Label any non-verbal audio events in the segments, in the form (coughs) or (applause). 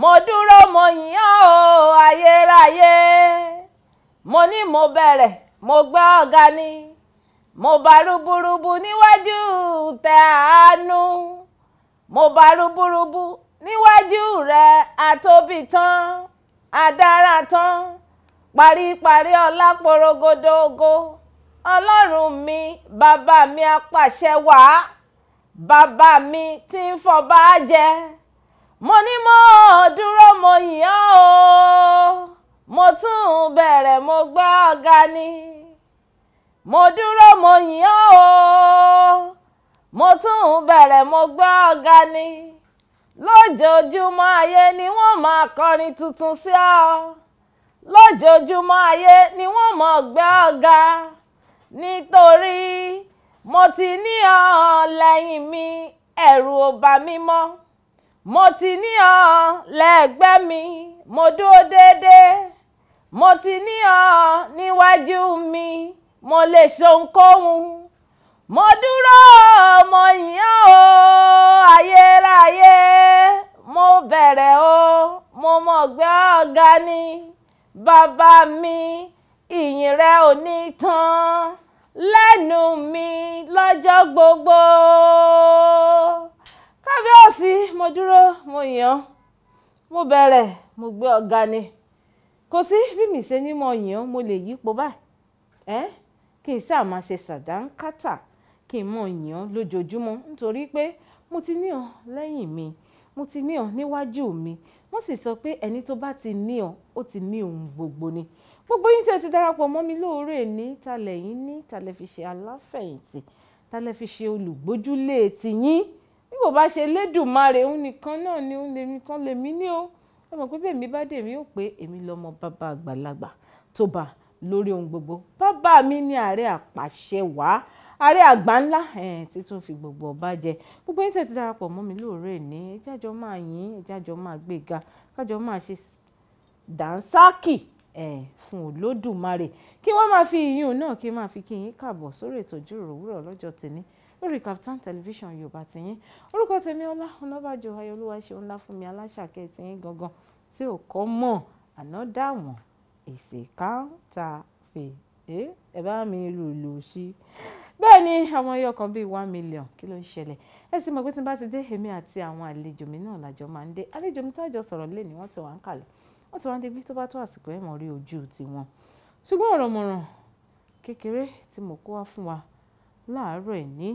mo dúró mo yìn ọ́ o ayérayé mo ní mo bẹ̀rẹ̀ mo gbá ọ̀gá ni mo bá rúburúbu níwájú tẹ àánú mo bá rúburúbu níwájú rẹ àtóbi tán adára tán paríparí ọlá ọlọ́run mi bàbá mi apàṣẹ wàá bàbá mi tí ń fọba jẹ mo ní mo dúró mo yàn o mo tún bẹ̀rẹ̀ mo gbá ọ̀gá ni mo dúró mo yàn o mo tún bẹ̀rẹ̀ mo gbá ọ̀gá ni lójoojúmọ́ ayé ni wọ́n máa kọrin tuntun sí ọ lójoojúmọ́ ayé ni wọ́n máa gbá ọ̀gá nítorí mo ti ní ọ lẹ́yìn mi ẹ̀rù ò bà mo ti ní ọ lẹ́gbẹ́ mi mo dúró déédéé mo ti ní ọ níwájú mi mo lè ṣohunkóhun mo dúró mo yàn ó ayérayé mo bẹ̀rẹ̀ ó mo mọ̀ gbé ọ̀gá ni bàbá mi ìyìn rẹ ò ní tán lẹ́nu mi lọ́jọ́ gbogbo kábíyèsí mo dúró mo yàn mo bẹ̀rẹ̀ mo gbé ọ̀gá ni kò sí bí mi ṣe ní mo yàn mo lè yípo báyìí ẹ kì í sáà máa ṣe ṣàdánkátà kí n mo, yàn lójoojúmọ́ nítorí pé mo ti ní ọ lẹ́yìn mi mo ti ní ọ níwájú mi wọ́n sì sọ pé ẹni tó bá ti ní ọ ó ti ní ohun gbogbo ni gbogbo yín tí ẹ ti darapọ̀ mọ́ mi lóòrè ní talẹ̀ yín ní talẹ̀ fi ṣe aláfẹ̀yìntì talẹ̀ fi ṣe olùgbójúlé tiyín bí kò bá ṣe lédùmarè òun nìkan náà ni òun lèmi kan lèmi ní o ẹ mọ̀ pé bẹ́ẹ̀ mi bá dèmi ó pé èmi lọ́mọ bàbá àgbàlagbà tó bá lórí ohun gbogbo bàbá mi ní ààrẹ àpàṣẹ wá ààrẹ àgbà ńlá tí tún fi gbogbo ọba jẹ gbogbo yín tẹ̀sí darapọ̀ mọ́ mi lóòrè ní ìjájọ́ máa yín ìjájọ́ máa gbéga kájọ́ máa ṣe dànsákì fún olódùmarè kí wọ́n máa fi ìyún náà kí wọ́n máa fi kí yín kàbọ̀ sórí ètò òwúrọ̀ lọ́jọ́ tèmi lórí Kaftan television yorùbá tiyín orúkọ tèmi ọlá ọ̀nàbàjọ ayọ̀lúwa ṣeun ńlá fún mi aláṣàkẹ́ tiyín gangan tí ò kọ́ mọ̀ àná dáwọn èsì káńtà fè é ẹ bá mi lùlù sí i bẹ́ẹ̀ ni àwọn ẹyọ kan bíi one million kí ló ń ṣẹlẹ̀ ẹ sì mọ̀ pé tí n bá ti dé èmi àti àwọn àlejò mi náà làjọ máa ń dé àlejò mi tájọ sọ̀rọ̀ lé ni wọ́n ti wà ń kàlẹ̀ wọ́n ti wá ń débi tó bá tó àsìkò ẹ̀ mọ̀ rí ojú tiwọn ṣùgbọ́n ọ̀rọ̀ kékeré tí mo kó wá fún wa láàárọ̀ ẹ̀ní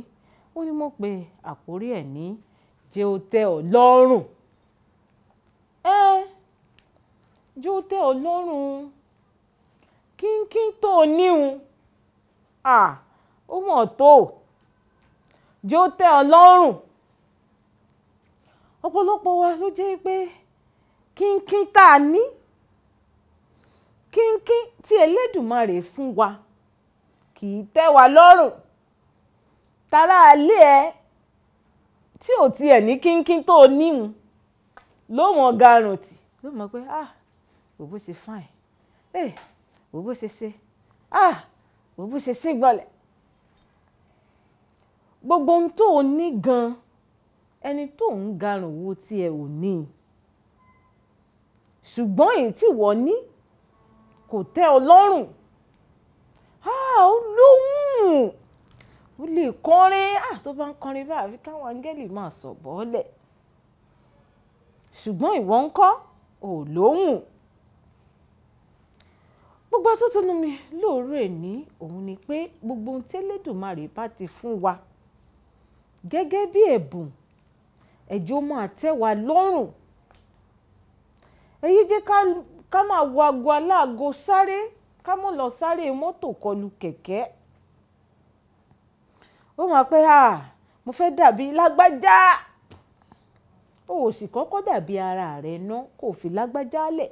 ó ní mo pe àkórí ẹ̀ ní jẹ́ o tẹ́ ọ lọ́rùn ẹ jẹ́ o tẹ́ ọ lọ́rùn kínkín tó o níhun à ó mọ̀ tó jẹ́ o tẹ́ ọ lọ́rùn ọ̀pọ̀lọpọ̀ wa ló jẹ́ pé kínkín tá a ní kínkín tí Elédùmarè fún wa kì í tẹ́ wa lọ́rùn tara ilé ẹ tí ò tiẹ̀ ní kínkín tó o níhun ló mọ̀ garanti ló mọ̀ pé ah wò bó ṣe fine ẹ wò bó ṣe ṣe ah wò bó ṣe sín gbọ́lẹ̀ gbogbo ohun tó o ní gan ẹni tó ń garùn wo tiẹ̀ ò ní ṣùgbọ́n èyí tí wọ́n ní kò tẹ́ ọ lọ́rùn ah ó lóhùn ó lè kọrin à ah, tó bá ń kọrin bá àfi káwọn áńgẹ́lì máa sọ̀ bọ́ọ̀lẹ̀ ṣùgbọ́n ìwọ ń kọ́ ò lóhùn gbogbo atótónu mi lóòrò èní òun ni pé gbogbo ohun tẹ́lẹ́dùmarè bá ti fún wa gẹ́gẹ́ bí ẹ̀bùn ẹ̀jọ́ máa tẹ́ wa lọ́rùn èyí jẹ́ ká máa wo aago aláago sáré ká mọ̀ lọ sáré mọ́tò kọlù kẹ̀kẹ́ ó mọ̀ pé mo fẹ́ dàbí lágbájá o ò sì kọ́kọ́ dàbí ara rẹ̀ ná kó o fi lágbájá lẹ̀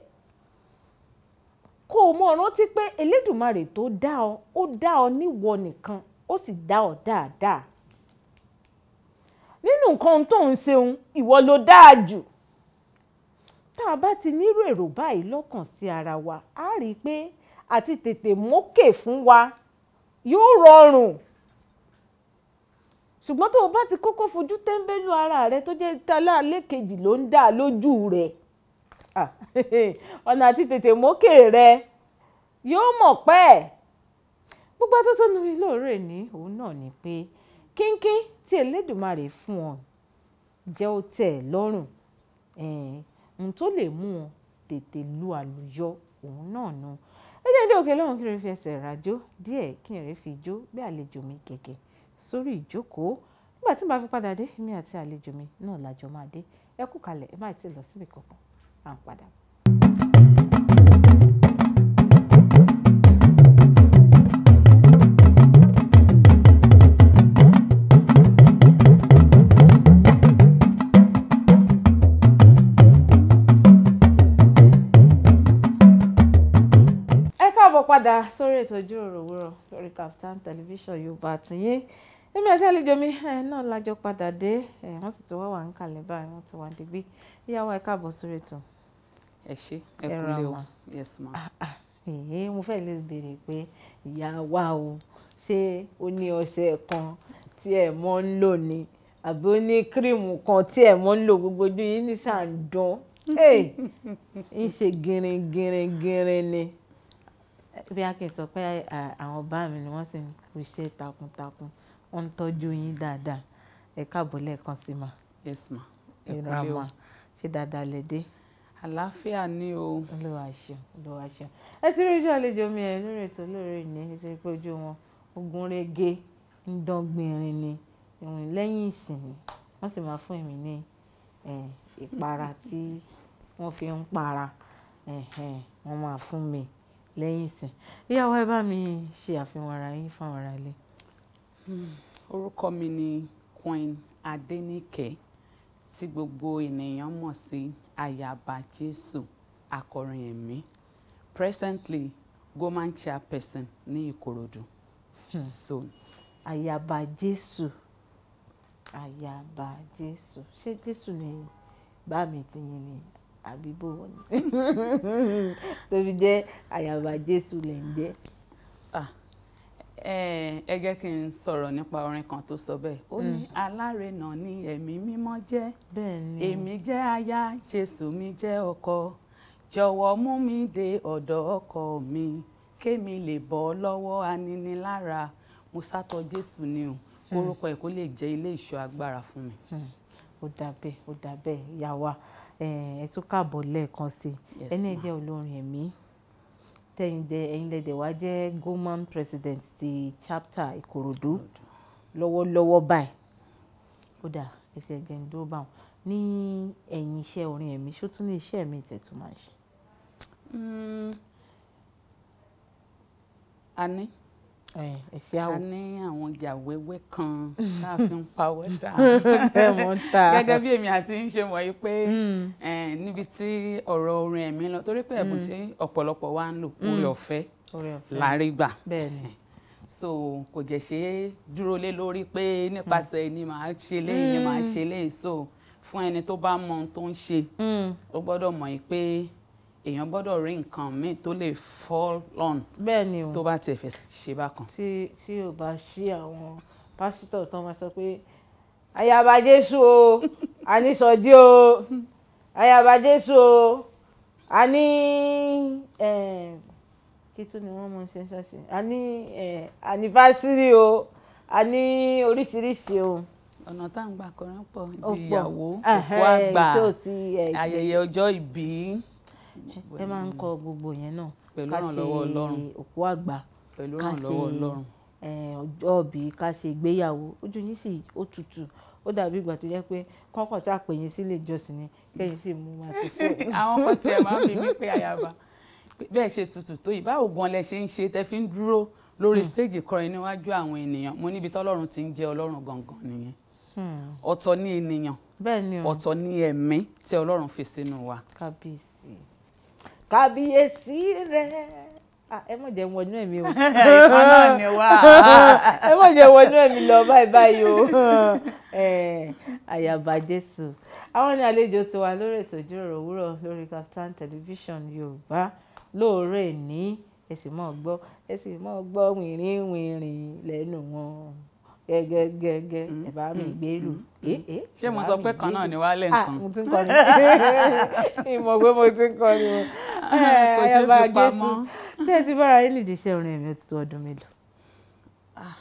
kó o mọ̀ rántí pé Elédùmarè tó dá ọ ó dá ọ níwọ nìkan ó sì dá ọ dáadáa nínú nǹkan tó ń ṣeun ìwọ ló dáa jù tá a bá ti nírú èrò báyìí lọ́kàn sí ara wa á rí i pé àti tètè mókè fún wa yóò rọrùn ṣùgbọ́n tó o bá ti kókó fojú tẹ́ńbẹ́lú ara rẹ tó jẹ́ taláàlẹ́ kejì ló ń dà lójú rẹ ọ̀nà àti tètè mókè rẹ yóò mọ̀ pẹ́ gbogbo tó tó nu ilóore ní òun náà ni pé kínkín tí Elédùmarè fún ọ jẹ́ ó tẹ̀ lọ́rùn ohun tó lè mú ọ tètè lu àlùyọ òun náà nu ẹ jẹ́ ní òkè lọ́run kí n rí fi ẹsẹ̀ rajó díẹ̀ kí n rí fi jó bí àlejò mi kẹ̀kẹ́ sórí ìjókòó nígbà tí màá fi padà dé èmi àti àlejò mi náà làjọ máa dé ẹ kú kalẹ̀ ẹ má ti lọ síbi kankan à ń padà bọ̀. padà sórí ètò ìjíròrò òwúrọ̀ lórí captain, television yorùbá àtìyín èmi àti àlejò mi náà lájọ padà dé wọ́n sì ti wá wà ń kalẹ̀ báyìí wọ́n ti wà níbí ìyàwó ẹ káàbọ̀ sórí ètò. ẹ ṣé ẹ kúlẹ̀ o yes ma. Ah, ah, èyí mo fẹ́ lè béèrè pé ìyá wa o ṣé o ní ọṣẹ kan tí ẹ mọ́ ń lò ni àbí ó ní kírìmù kan tí ẹ mọ́ ń lò gbogbo ojú yìí ní sàǹdán ń ṣe gírin gírin gírin ni bí a kì í sọ pé àwọn bá mi ni wọ́n sì ń kú iṣẹ́ takuntakun wọ́n ń tọ́jú yín dáadáa ẹ káàbọ̀ lẹ́ẹ̀kan sí ma. yes ma ẹ kúlẹ̀ o ṣé dáadáa lẹ dé. àlàáfíà ni o. olúwa ṣeun olúwa ṣeun ẹ ti rí ojú àlejò mi ẹ lórí ètò lórí ìní nítorí pé ojú wọn ogun rege ń dán gbìnrin ni ìrìn lẹ́yìn ìsìn ni wọ́n sì máa fún èmi ní ìpara tí wọ́n fi ń para wọ́n máa fún mi lẹ́yìn ìsìn ìyàwó ẹ bá mi ṣe àfihàn ara yín fáwọn ará ilé. Hmm. orúkọ mi ni Queen Adenike tí gbogbo ènìyàn mọ̀ sí Ayaba Jésù akọrin ẹ̀mí presently Goman chairperson ní Ìkòròdú. Hmm. so Ayaba Jésù Ayaba Jésù ṣé Jésù ni bá mi ti yín ni àbí bò wọ́n ni (laughs) tó fi jẹ́ àyàbá jésù lẹ̀ ń jẹ́. ẹ jẹ́ kí n sọ̀rọ̀ nípa orin kan tó sọ bẹ́ẹ̀ ó ní mm. alárinà ni ẹ̀mí mímọ́ jẹ́ èmi jẹ́ aya jésù mi jẹ́ ọkọ jọ̀wọ́ mú mi dé ọ̀dọ̀ ọkọ mi kémi lè bọ́ lọ́wọ́ aninilára mo sátọ jésù ni o hmm. orúkọ ẹ̀ kó lè jẹ́ ilé ìṣọ́ agbára fún mi. Hmm. ó dà bẹ́ẹ̀ ó dà bẹ́ẹ̀ yà wá. Eh, ẹ tún kàbọ̀ lẹ́ẹ̀kan sí ẹni ẹ jẹ́ olórin ẹ̀mí tẹ̀yìndẹ̀ ẹ̀yin wá jẹ́ goman president ti chapter Ìkòròdú lọ́wọ́lọ́wọ́ báyìí kódà ẹsẹ̀ ẹ̀jẹ̀ ń dúró báwọn ní ẹ̀yìn iṣẹ́ orin ẹ̀mí ṣó tún ní iṣẹ́ mi ìtẹ̀tù ṣe. Hmm. a a ní àwọn ọjà wẹ́wẹ́ kan (laughs) tá fi ń pawọ́ dà gẹ́gẹ́ bí èmi àti ń ṣe wọ̀nyí pé hmm. níbi tí ọ̀rọ̀ orin ẹ̀mí lọ torí pé ẹ̀bùn hmm. tí ọ̀pọ̀lọpọ̀ wa ń lò hmm. oore ọ̀fẹ́ láàrin so kò jẹ́ ṣe é dúró lé lórí pé nípasẹ̀ ni màá ṣe léyìí ni màá ṣe léyìí so fún ẹni tó bá mọ ohun tó ń ṣe ó gbọ́dọ̀ mọ̀ yìí pé èèyàn gbọ́dọ̀ rí nǹkan míì tó lè fall on bẹ́ẹ̀ni o tó bá tiẹ̀ fẹ́ ṣe bákan. tí tí o bá ṣí àwọn pásítọ̀ tán máa sọ pé ayaba jésù o anisọjí o ayaba jésù o ani kí tún ni wọ́n mọ̀ ṣe ṣọ́ọ̀ṣì ani anifásírì o ani oríṣiríṣi o ọ̀nà tá à ń gbà kọran pọ̀ ìgbéyàwó òkú àgbà ayẹyẹ ọjọ́ ìbí ẹ máa ń kọ gbogbo yẹn náà pẹ̀lú ìrànlọ́wọ́ ọlọ́run òkú àgbà pẹ̀lú ìrànlọ́wọ́ ọlọ́run ọjọ́ òbí ká ṣe ìgbéyàwó ojú yín sì ó tutù ó dàbí ìgbà tó jẹ́ pé kọ́kàn sí àpèyìn sílé ìjọsìn ni kẹ́yìn sì mú máa tó fún ẹ. àwọn kan tiẹ̀ máa ń bí mi pé àyàbá bẹ́ẹ̀ ṣe tutù tó yìí báwo gan lẹ ṣe ń ṣe tẹ́ fi ń dúró lórí hmm. stéèjì kọrin níwájú àwọn ènìyàn mo níbi tọ́lọ́run ti ń jẹ́ ọlọ́run gangan nìyẹn hmm. ọ̀tọ̀ ni ènìyàn ọ̀tọ̀ ni ẹ̀mí tí ọlọ́run fi sínú wa. kábíyèsí kábíyèsí rẹ ẹ mọ̀ jẹ́ wọnú ẹ̀mí o ẹ mọ̀ jẹ́ wọnú ẹ̀mí lọ báyìí báyìí o àyàbá jésù àwọn ní àlejò tó wà lórí ètò ìjíròrò òwúrọ̀ lórí Kaftan television yorùbá lóòrè ní ẹ sì mọ̀ gbọ́ ẹ sì mọ̀ gbọ́ wìnrìn wìnrìn lẹ́nu wọn gẹ́gẹ́gẹ́gẹ́ mm-hmm. ẹ bá mi mm-hmm. gbèrú. Mm-hmm. Eh, eh, ṣé mo sọ pé kan náà ni wàá lẹ̀ ah, nǹkan. mo ti ń kọrin ìmọ̀ pé mo ti ń kọrin o. kò ṣe fi pamọ́. ṣé ẹ ti bára yín lè jíṣẹ́ orin ẹ̀mí ọtí ọdún mélòó. Ah,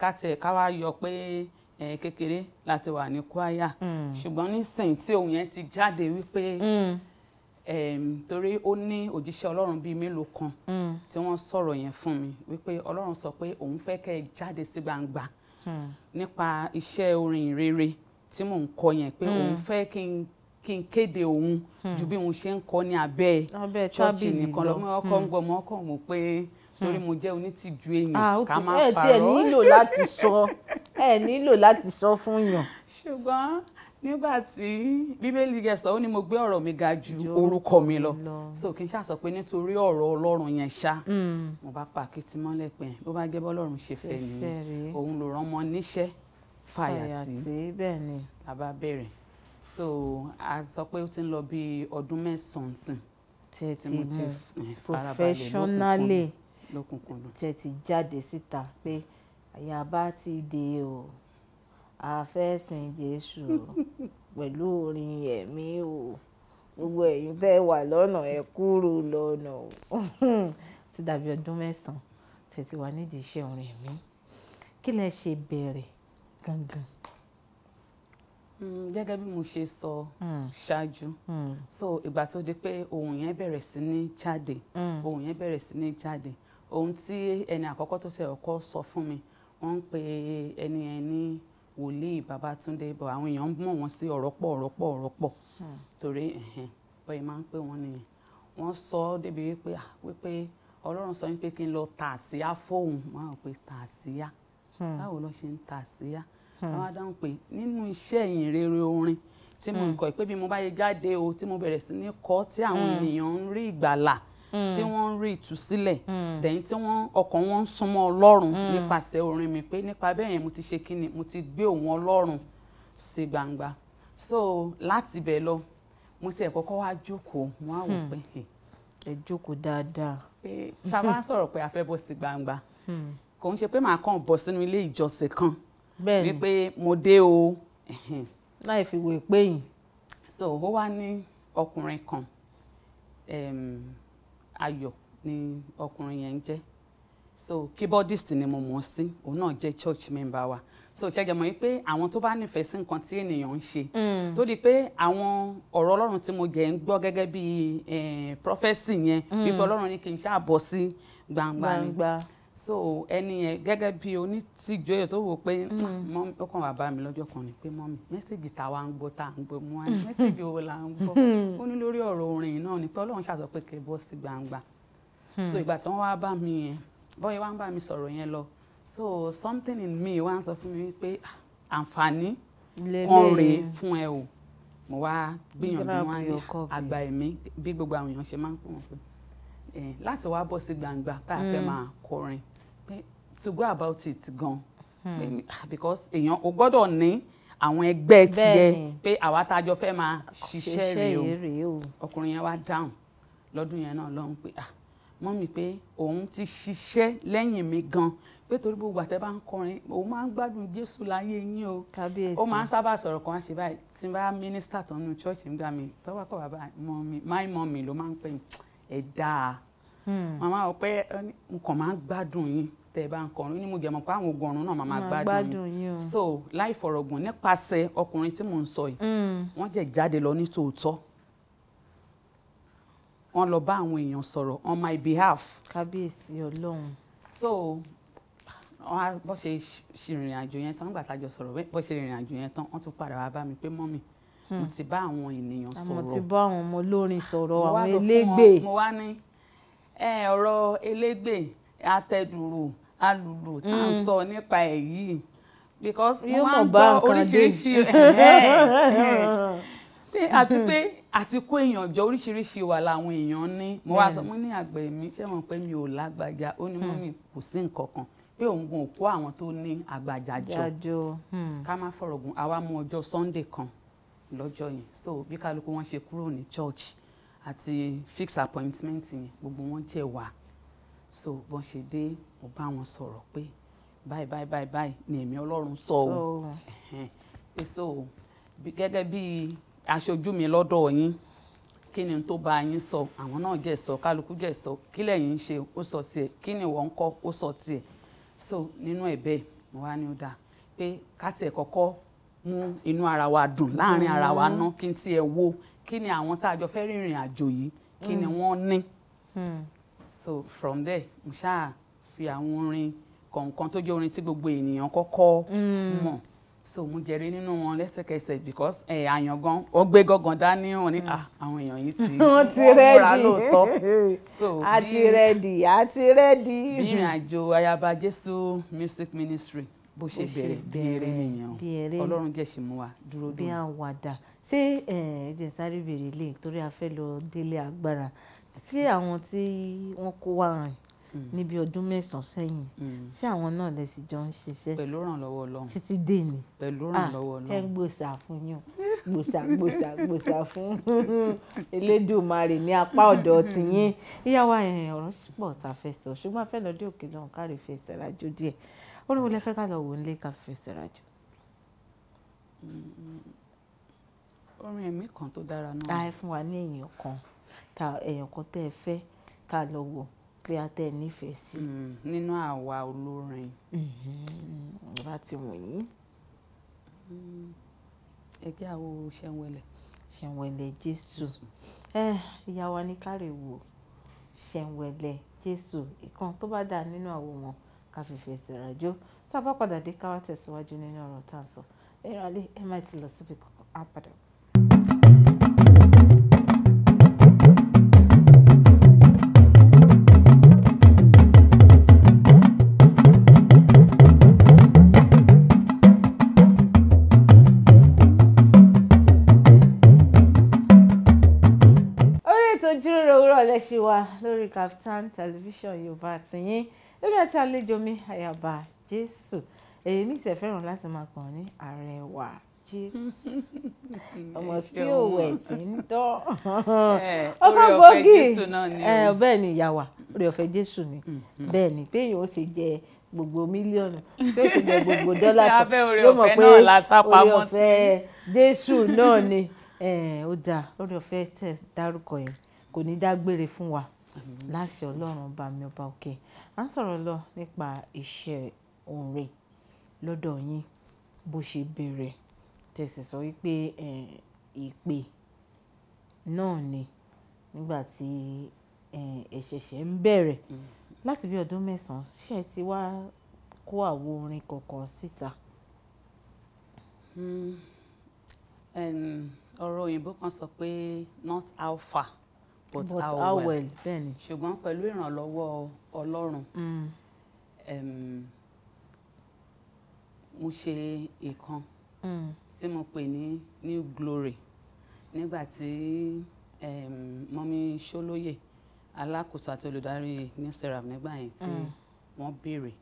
ká tiẹ̀ ká wá yọ pé kékeré láti wà ní kwaya mm. ṣùgbọ́n nísìnyí tí òun yẹn ti jáde wípé. Mm torí ó ní òjíṣẹ́ ọlọ́run bíi mélòó kan hmm. tí wọ́n sọ̀rọ̀ yẹn fún mi wípé ọlọ́run sọ pé òun fẹ́ kẹ́ ẹ jáde sí gbangba hmm. nípa iṣẹ́ orin ìrere tí mò ń kọ yẹn pé òun hmm. fẹ́ kí n kí n kéde òun ju bí mo ṣe ń kọ ní abẹ́ ṣọ́ọ̀ṣì nìkan lọ́mọ ọkọ̀ ń gbọ́ ọmọ ọkọ̀ mọ̀ pé torí mo jẹ́ onítìjú èèyàn ah, ká má parọ́ ẹ nílò láti sọ ẹ nílò láti sọ fún yàn. ṣùgbọ́n nígbà tí bíbélì yẹ sọ ó ní mo gbé ọ̀rọ̀ mi ga ju orúkọ mi lọ so kì í ṣàṣọ pé nítorí ọ̀rọ̀ ọlọ́run yẹn ṣá hmm. mo bá pa àkìtì mọ́lẹ̀ pẹ̀ bó bá jẹ́ bọ́lọ́run ṣe fẹ́ nìyẹn òun ló rán mọ́ níṣẹ́ fàyàtì bẹ́ẹ̀ bẹ̀rẹ̀ so a sọ pé ó ti ń lọ bí ọdún mẹ́sàn-án sìn tí mo ti eh, farabalẹ̀ lókùnkùn lọ tẹ̀ jáde síta pé àyàbá ti dé o a fẹ́ sin Jésù pẹ̀lú orin ẹ̀mí o gbogbo ẹ̀yin tẹ́ wà lọ́nà ẹ kúrò lọ́nà o (laughs) ti dàbí ọdún mẹ́sàn-án tẹ̀tí wà nídìí iṣẹ́ orin ẹ̀mí kí lẹ ṣe bẹ̀rẹ̀ gangan. Hmm, gẹ́gẹ́ bí mo ṣe sọ hmm. ṣáájú hmm. so ìgbà tó di pé ohun yẹn bẹ̀rẹ̀ sí ní jáde ohun yẹn bẹ̀rẹ̀ sí ní jáde ohun tí ẹni àkọ́kọ́ tó ṣe ọkọ sọ fún mi wọ́n ń pe ẹni ẹni wòlíì Babátúndé bọ̀ àwọn èèyàn mọ̀ wọ́n sí ọ̀rọ̀pọ̀ ọ̀rọ̀pọ̀ ọ̀rọ̀pọ̀ hmm. torí bọ́yìí máa ń pè wọ́n nìyẹn wọ́n sọ ọ́ débi wípé wípé ọlọ́run sọ wípé kí n lọ tàsíá fóun wọ́n á pè tàsíá hmm. báwo ló ṣe ń tàsíá àwọn hmm. adáhùn pé nínú iṣẹ́ ìyìn rere orin tí mo ń kọ ìpè bí mo bá yẹ jáde o tí mo bẹ̀rẹ̀ sí ní kọ tí àwọn ènìyàn ń rí ìgbàlà Mm. tí wọ́n ń rí ìtúsílẹ̀ dẹ̀yìn mm. tí wọ́n ọkàn wọn ń súnmọ́ ọlọ́run mm. nípasẹ̀ orin mi pé nípa bẹ́ẹ̀ yẹn mo ti ṣe kíni mo ti gbé òun ọlọ́run sí gbangba so láti bẹ̀ lọ mo tiẹ̀ kọ́kọ́ wá jókòó mo á wò hmm. pé ẹ jókòó dáadáa pé ta bá ń sọ̀rọ̀ pé a fẹ́ bọ́ sí gbangba hmm. kò ń ṣe pé màá kàn bọ́ sínú ilé ìjọsìn kan wípé mo dé o láì fi wò pé yìí. so ó wá ní ọkùnrin kan ayọ̀ ni ọkùnrin yẹn ń jẹ́ so keyboardist ni mo mọ̀ sí òun náà jẹ́ church member wa so ṣẹ́jẹ̀ mọ̀ pé àwọn tó bá nífẹ̀ẹ́ sí nǹkan tí ènìyàn ń ṣe mm. tó di pé àwọn ọ̀rọ̀ ọlọ́run tí mo jẹ́ ń gbọ́ gẹ́gẹ́ bí eh, prophecy yẹn mm. wípé ọlọ́run ní kí n ṣáà bọ́ sí gbangba ni so ẹni yẹn gẹ́gẹ́ bí onítìjọ́ yẹn tó wò pé mm. ó kàn wá bá mi lọ́jọ́ kan ni pé mọ́mí mẹ́sẹ̀gì tá a wá ń gbọ́ tá a ń gbọ́ mú wa ni mẹ́sẹ̀gì mm. wo la ń gbọ́ (laughs) ó ní lórí ọ̀rọ̀ orin náà ni pé ọlọ́run ṣàṣọ pé kẹ́ bọ́ sí gbangba hmm. so ìgbà tí wọ́n wá bá mi yẹn bọ́yẹ̀ wá ń bá mi sọ̀rọ̀ yẹn lọ so something in me wá ń sọ fún mi wípé ah, àǹfààní kan rèé fún ẹ o mo wá gbìyànjú wọn àgbà ẹ̀mí bí gbogbo àwọn ṣe máa ń pè wọ́n pé láti wá bọ́ sí gbangba tá a fẹ́ mm. máa kọrin pé to go about it gan hmm. ah, because èèyàn o gbọ́dọ̀ ní àwọn ẹgbẹ́ tiẹ̀ pé àwa tá a jọ fẹ́ máa ṣiṣẹ́ rèé o ọkùnrin yẹn wá dáhùn lọ́dún yẹn náà lọ́hùn pé ah mọ́mì pé òun ti ṣiṣẹ́ lẹ́yìn mi gan pé torí gbogbo àtẹ bá ń kọrin òun máa ń gbádùn jésù láyé yín o ó máa ń sábà sọ̀rọ̀ kan á ṣe báyìí tí n bá mínísítà tó nu chọ́ọ̀chì ń gbà mí tọ́wọ́ kọ́ bàbá mọ́mì my mọ́mì ló máa ń pè mí ẹ dáa hmm. màmá wọ pé nǹkan máa ń gbádùn yín tẹ ẹ bá ń kọrin ní mo jẹ mọ pé àwọn ogun ọrùn náà máa gbádùn yín so láì fọ̀rọ̀gùn nípasẹ̀ ọkùnrin tí mò ń sọ yìí hmm. wọ́n jẹ́ jáde lọ ní tòótọ́ wọ́n lọ bá àwọn èèyàn sọ̀rọ̀ on my behalf. kábíyèsí ọlọ́run. so wọ́n bọ́ ṣe ìrìn àjò yẹn tán nígbà tá a jọ sọ̀rọ̀ bọ́ ṣe ìrìn àjò yẹn tán wọ́n tún padà wá bá mi pé mọ́mì mo hmm. ti bá àwọn ènìyàn sọ̀rọ̀ mo ti bá àwọn ọmọ olórin sọ̀rọ̀ àwọn elégbè mo wá ní ọ̀rọ̀ elégbè atẹdùrù alùlù tá à ń hmm. sọ nípa ẹ̀ yìí because mo máa ń gbọ́ oríṣiríṣi àti (laughs) pé àti hmm. kó èèyàn jọ oríṣiríṣi wà làwọn èèyàn ní mo wá sọ mo ní àgbẹ̀ mi ṣé mo pé mi ò lágbàjá ó ní mọ́mì kò sí nǹkan kan pé òun kò kó àwọn tó ní àgbàjá jọ ká má fọ̀rọ̀ gùn àwa mú ọjọ́ Sunday kan lọ́jọ́ yẹn so bí kálukú wọn ṣe kúrò ní church àti fix appointment yẹn gbogbo wọn jẹ́ wá so bọ́n ṣe dé mo bá wọn sọ̀rọ̀ pé báyìí báyìí báyìí báyìí ni èmi ọlọ́run sọ o so gẹ́gẹ́ bí aṣojú mi lọ́dọ̀ yín kí ni tó bá yín sọ àwọn náà jẹ́ sọ kálukú jẹ́ sọ kí lẹ́yìn ń ṣe ó sọ tiẹ̀ kí ni wọ́n ń kọ́ ó sọ tiẹ̀ so nínú ẹ̀ bẹ́ẹ̀ mo wá ní ó dáa pé ká tiẹ̀ kọ́kọ́ mú inú ara wa dùn láàrin ara wa mm-hmm. ná kí n tiẹ̀ wo kí ni àwọn tá a jọ fẹ́ rìnrìn àjò yìí kí ni mm. wọ́n ní. Mm. so from there mo ṣáà fi àwọn orin kọ̀ọ̀kan tó jẹ́ orin tí gbogbo ènìyàn kọ́kọ́ mm. mọ̀ so mo jẹ̀rí nínú wọn lẹ́sẹ̀kẹsẹ̀ because ẹ̀ eh, àyàn gan ó gbé gangan dání wọn ni ah, àwọn èèyàn yìí ti (laughs) wọ́n múra lóòótọ́ (laughs) so bí a ti rẹ́dì a ti rẹ́dì. bí ìrìn àjò ayaba jésù music ministry bó ṣe bẹ̀rẹ̀ bí eré nìyẹn ọlọ́run jẹ̀sìn mú wa dúró dúró. bí àwàdà ṣé ẹ̀ẹ́dẹ̀ sáré bèrè lè torí a fẹ́ lọ délé agbára sí àwọn tí wọ́n kó wa rìn hmm. níbi ọdún mẹ́sàn-án sẹ́yìn sí hmm. àwọn náà lè sì jọ ń ṣiṣẹ́ pẹ̀lú ìrànlọ́wọ́ ọlọ́run títí dé ni pẹ̀lú ìrànlọ́wọ́ ọlọ́run ẹ gbòòsà fún yín gbòòsà gbòòsà gbòòsà fún (laughs) Elédùmarè ní apá ọ̀dọ̀ tìyín ìyá wa ọ̀rọ̀ sì pọ̀ tá a fẹ́ sọ ṣùgbọ́n a fẹ́ lọ dé òkè lọ́hùn kárí fẹsẹ̀ rájò díẹ̀ ó ní wọlé fẹ́ ká lọ wò nílé ká fèsì rajà. orin ẹ̀mí kan tó dára náà. a fún wa ní èèyàn kan ta èèyàn kan tẹ́ ẹ fẹ́ ká lọ wò pé a tẹ́ ẹ nífẹ̀ẹ́ sí. Mm, nínú àwa olórin. ìrora mm-hmm. ti wọ̀nyí. Mm. ẹgbẹ́ àwo ṣẹ́wẹ̀lẹ̀. ṣẹ́wẹ̀lẹ̀ jésù ìyá wa ní kárẹ̀ wò ṣẹ́wẹ̀lẹ̀ jésù ìkan tó bá dà nínú àwo ká fìfẹ́ tẹ̀ra jó tá a bá padà dé ká wá tẹ̀síwájú nínú ọ̀rọ̀ tá a sọ ẹ̀rọ alẹ́ ẹ̀ má ti lọ síbi kankan á padà. lórí Kaftan television yorùbá àtìyín lórí àti àlejò mi àyàbá jésù mi sì fẹ́ràn láti máa kàn ní àrẹwà jésù (laughs) ọmọ tí ò wẹ̀ tí ń tọ́ (laughs) ọkọ̀ gbòógì bẹ́ẹ̀ ni ìyàwó orí ọ̀fẹ́ jésù ni mm-hmm. bẹ́ẹ̀ ni pé èèyàn ó sì jẹ gbogbo mílíọ̀nù tó sì jẹ gbogbo (laughs) dọ́là kan yóò mọ̀ pé orí ọ̀fẹ́ jésù náà ni ó dáa orí ọ̀fẹ́ tẹ̀ dárúkọ yẹn kò ní dágbére fún wa láṣẹ ọlọ́run ọba mi ọba òkè. Okay à ń sọ̀rọ̀ lọ nípa iṣẹ́ òǹre lọ́dọ̀ yín bó ṣe bẹ̀rẹ̀ tẹ̀sí sọ wípé ìpè náà ni nígbà tí ẹ ṣẹ̀ṣẹ̀ ń bẹ̀rẹ̀ mm. láti bí ọdún mẹ́sàn-án ṣé ẹ ti wá kó àwo orin kọ̀ọ̀kan síta. Hmm. ọ̀rọ̀ òyìnbó kan sọ pé not how far but, but how well ṣùgbọ́n pẹ̀lú ìrànlọ́wọ́ ọlọ́run mm. mo ṣe ìkan mm. tí mo pè ní new glory nígbà tí mọ́mí ṣólóyè alákòóso àti olùdarí new seraph nígbà yẹn tí mm. wọ́n béèrè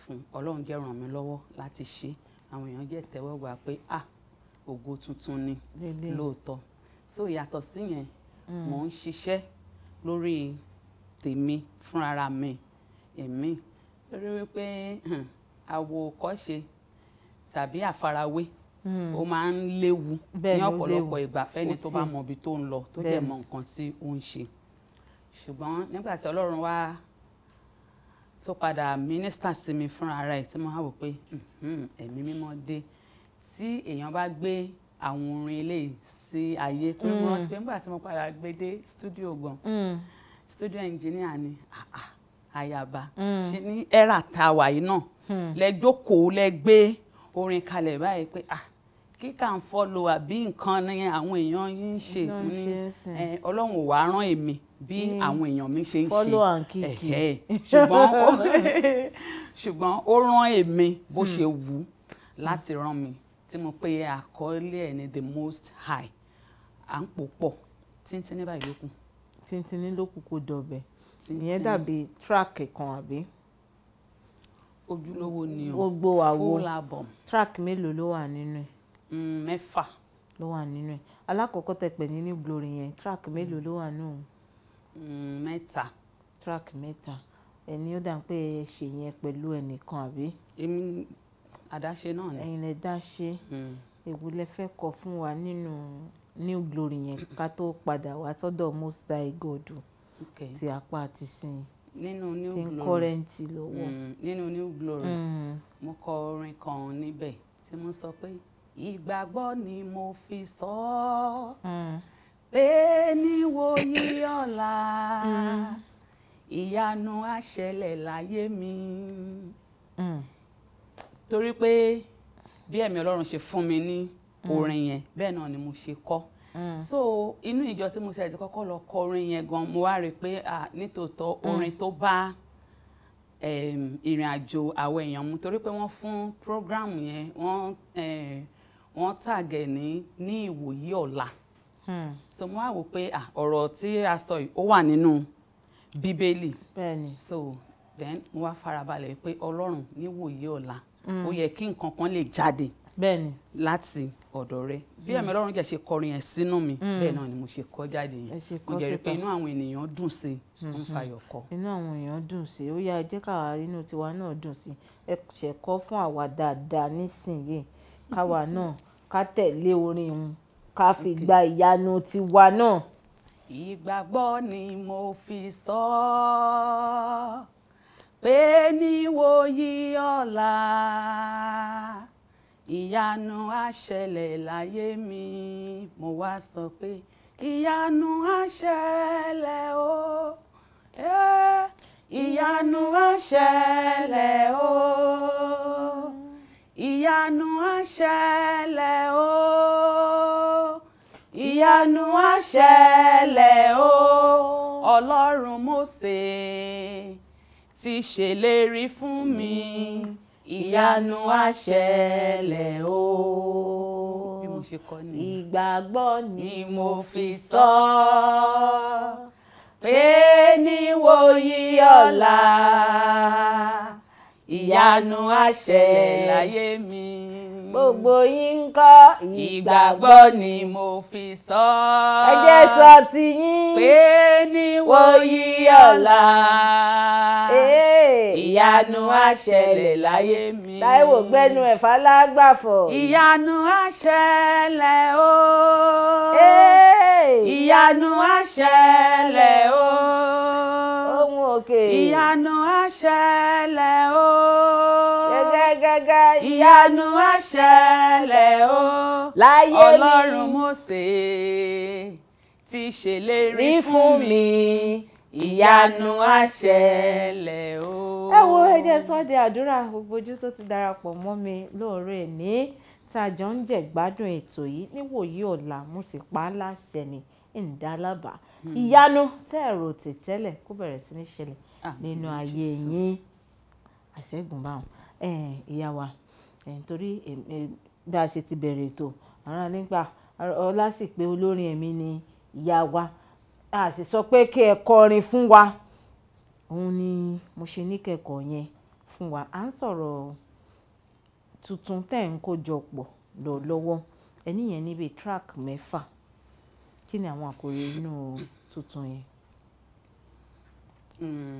fún ọlọ́run jẹ́ ràn mí lọ́wọ́ láti ṣe àwọn èèyàn jẹ́ tẹ́wọ́gbà pé ah ògo tuntun ni lóòótọ́ so yàtọ̀ síyẹn mò ń ṣiṣẹ́ lórí tèmi fúnra mi èmi torí wípé àwòkọ́ṣe tàbí àfarawé hmm. ó máa ń léwu ní ọ̀pọ̀lọpọ̀ ìgbà fẹ́ni tó bá mọ ibi tó ń lọ tó dẹ̀ mọ nǹkan tí ó ń ṣe ṣùgbọ́n nígbà tí Ọlọ́run wá tó padà mínísítà sí mi fúnra rẹ̀ tí mo wò pé ẹ̀mí mímọ́ dé tí èèyàn bá gbé àwọn orin eléyìí sí ayé tó ń hmm. rántí pé nígbà tí mo padà gbé dé stúdíò gan-an. Hmm student engineer ni ah, ah, ayaba. Hmm. ṣe ni era tá a wà yìí náà hmm. lẹ jókòó orin kalẹ̀ báyìí pé ah kíkà ń fọlọ àbí nǹkan ni àwọn èèyàn yìí ń ṣe ní ọlọ́run ò wá rán èmi bí hmm. àwọn èèyàn mi ṣe ń ṣe ṣùgbọ́n (laughs) ṣùgbọ́n ó rán èmi bó ṣe wù ú láti rán mi tí mo pe àkọlé ẹ̀ ní the most high à ń pò pọ̀ tíntín ní báyìí ó kù tíntínní ló kù kó dọ̀bẹ̀ ìyẹn dàbí track kan àbí. ojúlówó ni o full album. track mélòó ló wà nínú ẹ̀. Mm, mẹ́fà. ló wà nínú ẹ̀ alákọ̀ọ́kọ́ tẹ̀pẹ̀ ní New Glory yẹn track mélòó ló wà nínú. Mm, mẹ́ta. track mẹ́ta ẹni ó dà ń pé ẹ ṣe yẹn pẹ̀lú ẹnìkan àbí. èmi àdáṣe náà ni. ẹ̀yin lẹ dáṣe mm. èwo lẹ fẹ́ kọ fún wa nínú new glory yẹn ká tó padà wá sọ́dọ̀ most high god ti apá àti sin mm, nínú new glory ti ń kọ́rẹ́ǹtì lọ́wọ́. nínú new glory mo kọ orin kan níbẹ̀ tí mo sọ pé ìgbàgbọ́ ni mo fi sọ ọ́ mm. pé níwò yí ọ̀la mm. ìyanu á ṣẹlẹ̀ láyé mi torí pé bí ẹ̀mí ọlọ́run ṣe fún mi ní. Mm. orin yẹn bẹ́ẹ̀ náà ni mo ṣe kọ́ mm. so inú ìjọ tí mo ṣe ti kọ́kọ́ lọ kọ orin yẹn gan mo wá rí i pé nítòótọ́ mm. orin tó bá ìrìn àjò àwọn èèyàn mu torí pé wọ́n fún program yẹn wọ́n eh, wọ́n tàgẹ̀ ní ní ìwòyí ọ̀la so mo wá wò pé ọ̀rọ̀ tí a sọ yìí ó wà nínú bíbélì so then mo wá farabalẹ̀ pé ọlọ́run níwòyí ọ̀la ó yẹ kí nǹkan kan lè jáde láti ọ̀dọ̀ rẹ bí àmì mm. ọlọ́run jẹ́ ṣe kọrin yẹn sínú mi mm. bẹ́ẹ̀ náà ni mo ṣe kọ jáde yẹn mo jẹ́ pé inú àwọn ènìyàn dùn sí i ń mm-hmm. fayọ̀ kọ. inú àwọn èèyàn dùn sí i ó yá ẹ káwa inú tiwa náà dùn sí i ẹ ṣẹ̀ kọ́ fún àwa dáadáa nísìnyìí káwa náà ká tẹ̀lé orin wọn ká fi gba ìyanu tiwa náà. ìgbàgbọ́ ni mo fi sọ ọ́ pé níwòyí ọ̀la ìyanu á ṣẹlẹ̀ láyé mi mo wá sọ pé ìyanu á ṣẹlẹ̀ o eh, ìyanu á ṣẹlẹ̀ o ìyanu á ṣẹlẹ̀ o ìyanu á ṣẹlẹ̀ o ọlọ́run Mósè ti ṣèlérí fún mi. Mm -hmm ìyanu á o. bí mo ṣe kọ ni. ìgbàgbọ́ ni mo fi sọ pé níwò yí ọ̀la ìyanu á ṣẹlẹ̀ mi gbogbo yín ń kọ́ ìgbàgbọ́ ni mo fi sọ. ẹ jẹ́ sọ ti yín pé níwò yí ọ̀la ìyanu á ṣẹlẹ̀ láyé mi. Táíwò gbẹ́nu ẹ̀ falágbàfọ̀. ìyanu á ṣẹlẹ̀ o. ìyanu á ṣẹlẹ̀ o. ohun òkè. ìyanu á ṣẹlẹ̀ o gẹ́gẹ́ ìyanu á o láyé mi ọlọ́run Mósè ti ṣèlérí fún mi ìyanu á ṣẹlẹ̀ o. ẹ wo ẹ jẹ́ sọ́dẹ àdúrà gbogbo ojú tó ti darapọ̀ mọ́ mi lóòrè ní tàjọ ń jẹ̀gbádùn ètò yìí níwòyí ọ̀la mo sì pa á láṣẹ ni ìdálábà hmm. ìyanu tẹ́ ẹ̀rọ tètẹ́lẹ̀ kó bẹ̀rẹ̀ sí ní ṣẹlẹ̀ ah, nínú ayé yín àṣẹ́gun báwọn ìyá wa torí bí a ṣe ti bẹ̀rẹ̀ ètò àwọn nígbà ọlá sì pé olórin ẹ̀mí ni ìyá wa a sì sọ pé kí ẹ kọrin fún wa òun ni mo ṣe ní kẹ́kọ̀ọ́ yẹn fún wa à ń sọ̀rọ̀ tuntun tẹ́ ń kó jọ pọ̀ lọ lọ́wọ́ ẹni yẹn níbi track mẹ́fà kí ni àwọn àkòrí inú tuntun yẹn. Hmm,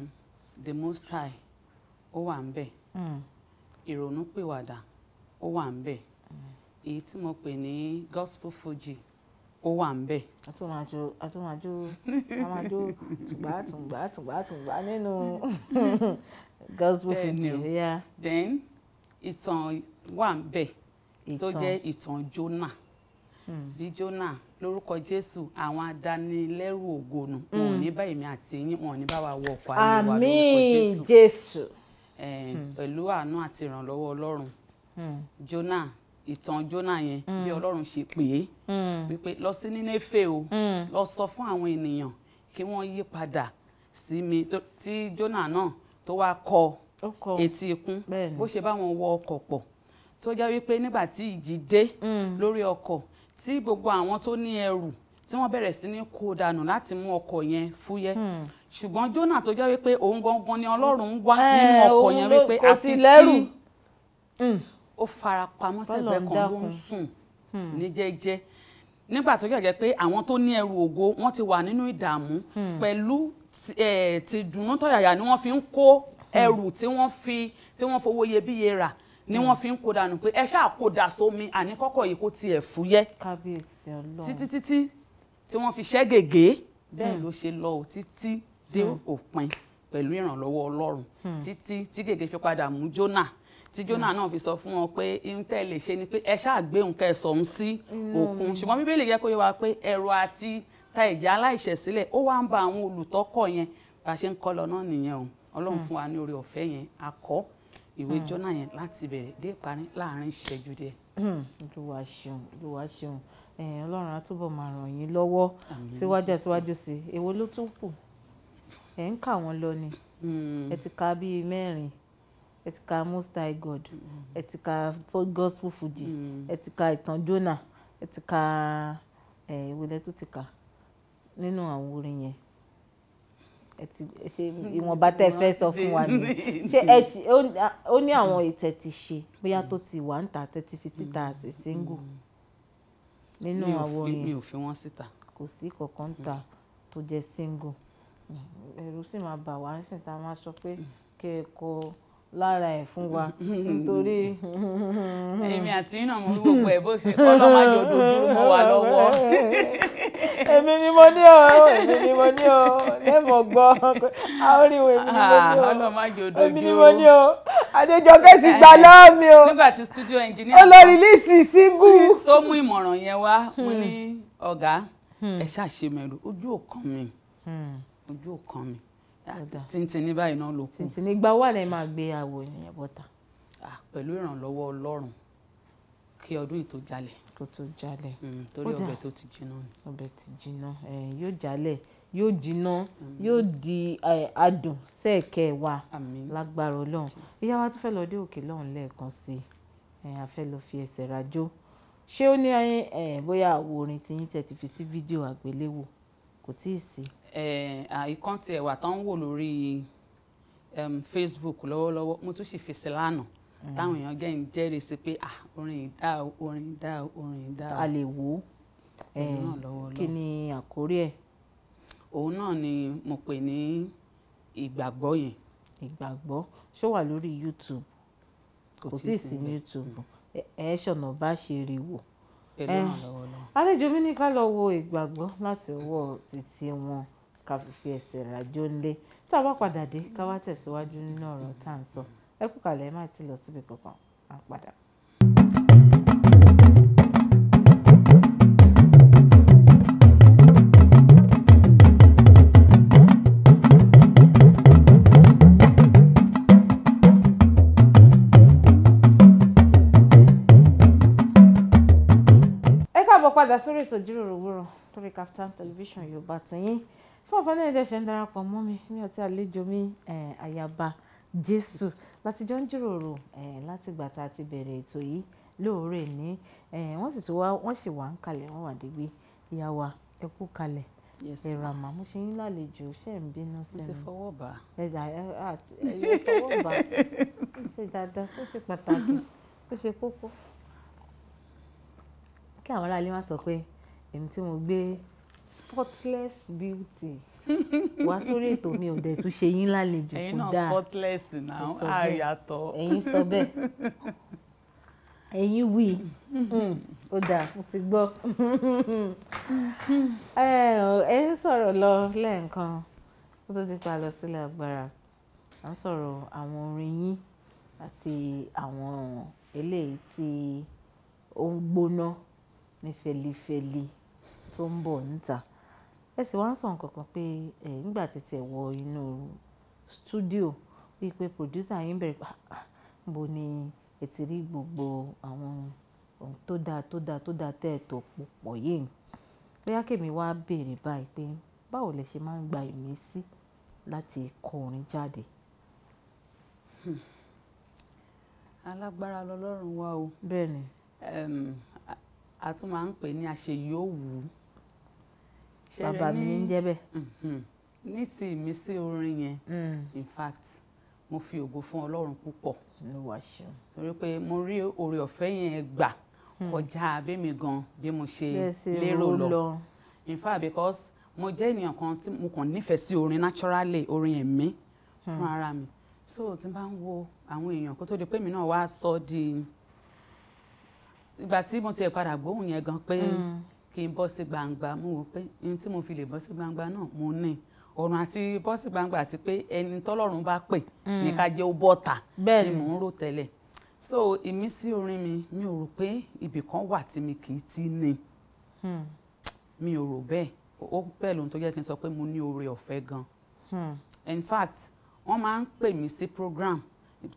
The Most High ó wà ń bẹ̀. Hmm ìrònúpìwàdà ó wà ń bẹ̀ mm. èyí tí mo pè ní gospel fuji ó wà ń bẹ̀. àtúnmájò àtúnmájò àmájò tùgbà tùgbà tùgbà tùgbà nínú (laughs) gospel fuji. then ìtàn wà ń bẹ̀ tó jẹ́ ìtàn Jónà hmm. bí Jónà lórúkọ Jésù àwọn adanilẹ́rù ògo nù hmm. wọn ò ní bá èmi àti yín wọn ní bá wa wọ ọkọ̀ ayé wa lórúkọ Jésù. àmín Jésù. Eh, hmm. pẹ̀lú àánú àti ìrànlọ́wọ́ ọlọ́run hmm. jona ìtàn jona yẹn hmm. bí ọlọ́run ṣe pè é wípé lọ sí nínéfè o lọ sọ fún àwọn ènìyàn kí wọ́n yí padà sí mi tí jona náà tó wá kọ etí ikún bó ṣe bá wọn wọ ọkọ̀ pọ̀ tó jẹ́ wípé nígbà tí ìjì dé lórí ọkọ̀ tí gbogbo àwọn tó ní ẹrù tí wọ́n bẹ̀rẹ̀ sí ní kó dànù láti mú ọkọ̀ yẹn fúyẹ́ ṣùgbọ́n Jónà tó jẹ́ wípé òun gangan ni Ọlọ́run ń wá eh, nínú ọkọ̀ yẹn wípé àfi tí hmm. ó fara pamọ́ sẹ́gbẹ̀ẹ́ kan ló ń sùn ní jẹ́jẹ́ nígbà tó gẹ̀gẹ́ pé àwọn tó ní ẹrù ògo wọ́n ti wà nínú ìdààmú hmm. pẹ̀lú ti eh, dùnnú tọ̀yàyà ni wọ́n fi ń kó hmm. ẹrù tí wọ́n fi tí wọ́n fowó iyebíye rà ni wọ́n fi ń kó dànù pé ẹ ṣáà kó dà sómi àní kọ́kọ́ yìí kó tiẹ̀ fúyẹ́ títí títí tí wọ́n fi ṣẹ́ gègé bẹ́ẹ̀ ló ṣe lọ òtítí dé hmm. òpin pẹ̀lú ìrànlọ́wọ́ ọlọ́run hmm. títí tí gègé fi padà mú Jónà tí Jónà hmm. náà fi sọ fún wọn pé ntẹ́ lè ṣe ni pé ẹ ṣáà gbé òun kẹ́ ẹ sọ òun sí òkun ṣùgbọ́n bíbélì yẹ kó yẹ wa pé ẹ̀rọ àti ta ìjà aláìṣẹ̀ sílẹ̀ ó wá ń ba àwọn olùtọ́kọ̀ yẹn bá a ṣe ń kọ́ lọ náà nìyẹn o ọlọ́run fún wa ní oore ọ̀fẹ́ yẹn akọ́ ìwé Jónà yẹn láti bẹ̀rẹ̀ dé parí láàrin ìṣẹ́jú díẹ̀. olúwa ṣeun olúwa ṣeun ọlọ́run á túbọ̀ máa ràn yín lọ́wọ́ síwájú síwájú sí i èwo ló tún kù ẹ ń kà wọ́n lọ ni hmm. ẹ ti ka bíi mẹ́rin ẹ ti ka most high god hmm. ẹ ti ka gospel fuji hmm. ẹ ti ka ìtàn jona ẹ ti ka ẹ ìwé lẹ́tọ́ ti kà nínú àwọn orin yẹn ẹ ti ṣe ìwọ̀nba tẹ́ fẹ́ sọ fún wa ni ṣé ẹ ṣe ó ní àwọn ètò ti ṣe bóyá tó ti wà ń ta tẹ́ fi síta àṣẹ single nínú àwọn orin mi ò fi wọ́n síta kò sí kọ̀ọ̀kan ta tó jẹ́ single ẹ̀rù sì máa bà wá nísìnyí tá máa sọ pé kí ẹ kọ lára ẹ̀ fún wa nítorí. (laughs) èmi àti iná mo ní gbogbo bó ṣe kọ́ lọ́mọ àjò dúdúró mọ́ wa lọ́wọ́. (laughs) èmi ni mo ní o èmi ni mo ní o lẹ́mọ̀ gbọ́ àóríwò èmi ni mo ní o ọlọ́mọ ah, àjò dúdú èmi ni mo ní o Adéjọkẹ́ sì gbà lọ́wọ́ mi o nígbà tí studio engineer ó síngù. tó mú ìmọ̀ràn yẹn wá mo hmm. ní ọ̀gá hmm. ẹ̀ ṣàṣemẹ̀rù ojú ò kàn ojú ò kàn mí tìǹtìǹ ní báyìí náà ló kù. tìǹtìǹ ní gba wà lẹ́yìn máa gbé àwọ̀ ènìyàn bọ́ta. pẹ̀lú ìrànlọ́wọ́ ọlọ́run kí ọdún yìí tó jalẹ̀. kó tó jalẹ̀ mm, torí ọbẹ̀ tó ti jiná ni. ọbẹ̀ ti jiná yóò jalẹ̀ yóò jiná mm. yóò di adùn sẹ́ẹ̀kẹ́ wa lágbára ọlọ́run ìyá wa tó fẹ́ lọ dé òkè lọ́hùn lẹ́ẹ̀kan sí i a fẹ́ lọ fi ẹsẹ̀ rajó ṣé ó ní bóyá àwo orin tiyín tẹ̀ ti fi sí fídíò àgbéléwò kò tíì sí. Eh, àìkọ́ntì ẹ̀wà tó ń wò lórí Facebook lọ́wọ́lọ́wọ́ mo tún sì fèsì lánàá mm. táwọn èèyàn gẹ́ ń jẹ́rìí sí pé ah, orin dá o orin dá o orin dá o. a lè wò ó kí ni àkórí ẹ̀. òun náà ni mo pè ní ìgbàgbọ́ yẹn. ìgbàgbọ́ ṣó wà lórí YouTube kò tí ì sí YouTube mm. ẹ ṣọ̀nà bá ṣe rí wò àlejò mi ní ká lọ wo ìgbàgbọ́ láti ọwọ́ títí wọn ká fi ẹsẹ̀ rajó lé tá a bá padà dé ká wá tẹ̀síwájú nínú ọ̀rọ̀ tá à ń sọ ẹ kú kàlẹ́ ẹ má ti lọ síbi kankan à ń padà. padà sórí ètò ìjíròrò òwúrọ̀ lórí Kaftan television yorùbá tìyín fún àǹfààní ẹ̀dẹ̀ ṣe ń darapọ̀ mọ́ mi ní ọtí àlejò mi àyàbá jésù láti jọ ń jíròrò láti ìgbà tá a ti bẹ̀rẹ̀ ètò yìí lóòrè ní wọ́n sì wá wọ́n sì wá ń kalẹ̀ wọ́n wà dégbé ìyá wa ẹ kú kalẹ̀ ẹ̀rọ àmọ́ mo ṣe ń lálejò ṣe ń bínú sí mi mo ṣe fọwọ́ bá ẹ ẹ fọwọ́ bá ó ṣe dáadáa ó ṣe pàtàkì ó ṣe kókó kí àwọn aráàlú má sọ pé èmi tí mo gbé spotless beauty wá sórí ètò mi ò dẹ̀ tún ṣe yín lálejò kò dáa ẹ̀yin náà spotless náà á yàtọ̀ ẹ̀yin sọ bẹ́ẹ̀ ẹ̀yin wí hmm, ó dáa mo ti gbọ́ (laughs) ẹ ń sọ̀rọ̀ lọ lẹ́ẹ̀kan kó tó ti pa lọ sílẹ̀ agbára à ń sọ̀rọ̀ àwọn orin yín àti àwọn eléyìí tí ó ń gbóná ní fẹlifẹli tó ń bọ̀ níta ẹ sì wá ń sọ nǹkan kan pé ẹ nígbà tètè ẹ wọ inú stúdíò wípé pòdúsà yín bẹ̀rẹ̀ pa ah, ah, bó ni ẹ ti rí gbogbo àwọn ohun tó dáa tó dáa tó dáa tẹ́ ẹ tó pọ̀ yìí bóyá kèmi wá béèrè báyìí pé báwo lẹ ṣe máa ń gba ìmísí láti kọ orin jáde. Hmm. alágbára lọlọ́run wa o. bẹ́ẹ̀ni. a tún máa ń pè ní àṣeyọ̀wù bàbá mi ń jẹ́ bẹ́ẹ̀. Mhm. nísìn mi sí orin yẹn mm. in fact mo fi ògo fún ọlọ́run púpọ̀ torí pé mo rí oore ọ̀fẹ́ yẹn gbà mm. kọjá abémi gan bí mo ṣe lérò lọ in fact because mo jẹ́ ènìyàn kan tí mo kàn nífẹ̀ẹ́ sí orin naturally orin ẹ̀mí hmm. fún ara mi so tí n bá ń wo àwọn èèyàn kó tó di pé mi náà wá sọ di ìgbà tí mo tiẹ̀ padà gbóhùn yẹn gan pé. Hmm kí n bọ́ sí gbangba mo wò pé ohun tí mo fi lè bọ́ sí gbangba náà mo ní ọ̀run àti bọ́ sí gbangba àti pé ẹni tọ́lọ́run bá pè hmm. ní ká jẹ́ bọ́ta ni mò ń rò tẹ́lẹ̀ so ìmísí orin mi mi ò rò pé ibì kan wà tí mi kì í ti ní hmm. mi ò rò bẹ́ẹ̀ ó bẹ́ẹ̀ lóhun tó jẹ́ kí n sọ pé mo ní oore ọ̀fẹ́ gan hmm. in fact wọ́n máa ń pè mí sí program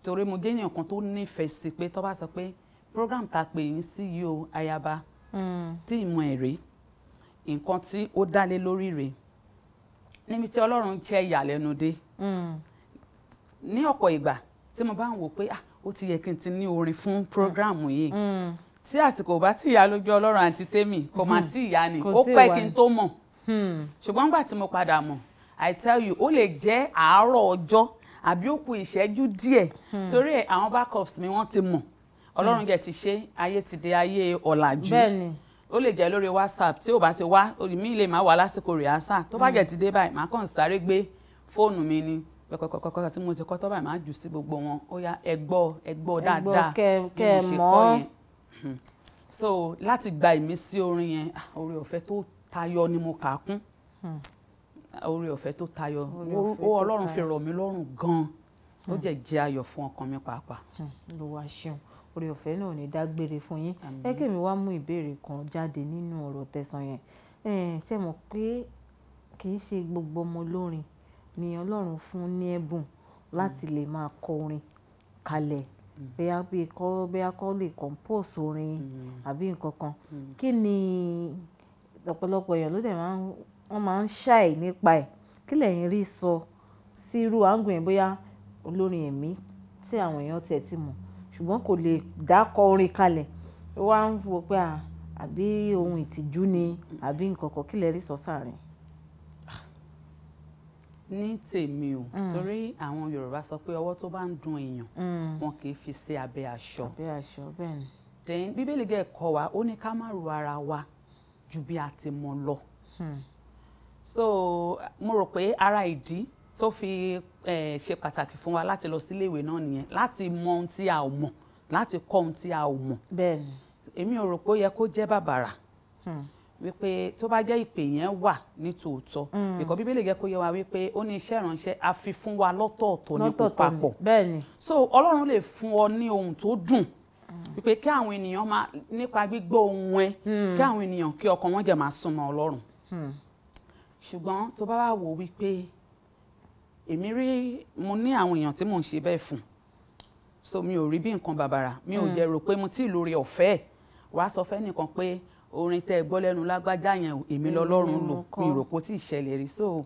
torí mo jẹ́ èèyàn kan tó nífẹ̀ẹ́ sí pé tó bá sọ pé program ta pè yín sí yìí o ayaba tí ìmọ̀ ẹ̀ rèé nǹkan tí ó dálé lórí rèé níbi tí ọlọ́run jẹ́ ìyàlẹ́nu dé ní ọ̀pọ̀ ìgbà tí mo bá ń wò pé ah ó ti yẹ kí n ti ní orin fún prógráàmù yìí tí àsìkò bá ti yá lójú ọlọ́run àti tèmi kò má ti yá ni ó pẹ́ kí n tó mọ̀ ṣùgbọ́n nígbà tí mo padà mọ̀ i tell you ó lè jẹ́ àárọ̀ ọjọ́ àbí ó kù ìṣẹ́jú díẹ̀ torí àwọn backups mi wọ́n ti mọ̀ ọlọ́run jẹ́ hmm. ti ṣe ayé ti di ayé ọ̀làjú ó lè jẹ́ lórí whatsapp tí ò bá ti wá mi lè má wá lásìkò rìhásà tó bá jẹ́ hmm. ti dé báyìí má kàn sáré gbé fóònù mi ni pẹ̀kọ̀kọ̀kọ̀ tí mo ti kọ́ tọ́ báyìí má jù sí gbogbo wọn ó yá ẹ gbọ́ dáadáa bí mo ṣe hmm. so láti gba ìmísí orin yẹn ah, oore ọ̀fẹ́ tó tayọ ni mo kà á kún oore ọ̀fẹ́ tó tayọ ó ọlọ́run fi rọ̀ mí lọ́rùn gan ó jẹ́ jẹ́ ayọ̀ fún ọkàn mi pàápàá. ló wá ṣeun orí ọ̀fẹ́ náà ní dágbére fún yín ẹ kí mi wá mú ìbéèrè kan jáde nínú ọ̀rọ̀ tẹ̀sán yẹn ṣe mọ̀ pé kì í ṣe gbogbo ọmọ olórin ni Ọlọ́run fún ní ẹ̀bùn láti hmm. lè máa kọ orin kalẹ̀ hmm. bóyá bí kọ́ bóyá kọ́ lè compose orin hmm. àbí nǹkan kan kí ni ọ̀pọ̀lọpọ̀ èèyàn ló dẹ̀ máa ń wọ́n máa ń ṣàì nípa ẹ̀ kí lẹ̀yin rí sọ sírú àǹgùn yẹn bóyá olórin ẹ̀mí tí àwọn èèyàn tiẹ̀ ti mọ̀ ṣùgbọ́n kò lè dákọ orin kalẹ̀ ó wá ń wò pé àbí ohun ìtìjú ni àbí nǹkan kan kí lè rí sọ́sàárín. ní tèmi o mm. torí àwọn Yorùbá sọ pé ọwọ́ tó bá ń dun èèyàn mm. wọn kì í fi sí abẹ́ aṣọ. abẹ́ aṣọ bẹ́ẹ̀ ni. then bíbélì gẹ̀ kọ́ wa ó ní ká má ru ara wa ju bí a ti mọ̀ lọ. Hmm. so mo rò pé ara ìdí tó fi ṣe pàtàkì fún wa láti lọ sílé ìwé náà nìyẹn láti mọ ohun tí a ò mọ̀ láti kọ́ ohun tí a ò mọ̀ bẹ́ẹ̀ni èmi ò rò pé ó yẹ kó jẹ́ bàbàrà hmm. wípé tó bá jẹ́ ìpè yẹn wà ní tòótọ́ ìkọ́ hmm. bíbélì jẹ́ kó yẹ wa wípé ó ní iṣẹ́ ìránṣẹ́ a fi fún wa lọ́tọ̀ọ̀tọ̀ nípò papọ̀ so ọlọ́run lè fún ọ ní ohun tó dùn hmm. wípé kí àwọn ènìyàn máa nípa gbígbọ́ ohun ẹ kí àwọn ènìyàn kí ọkàn wọn jẹ́ máa súnmọ́ ọlọ́run ṣùgbọ́n tó bá wà wò wípé èmi rí mo ní àwọn èèyàn tí mò ń ṣe bẹ́ẹ̀ fún so mi ò rí bí nǹkan bàbàrà mi ò hmm. dẹ̀ rò pé mo tí ì lórí ọ̀fẹ́ wàá sọ fẹ́ nìkan pé orin tẹ́ ẹ gbọ́ lẹ́nu lágbájá yẹn èmi lọ́lọ́run lò mi rò pé tí ì ṣẹlẹ̀ rí so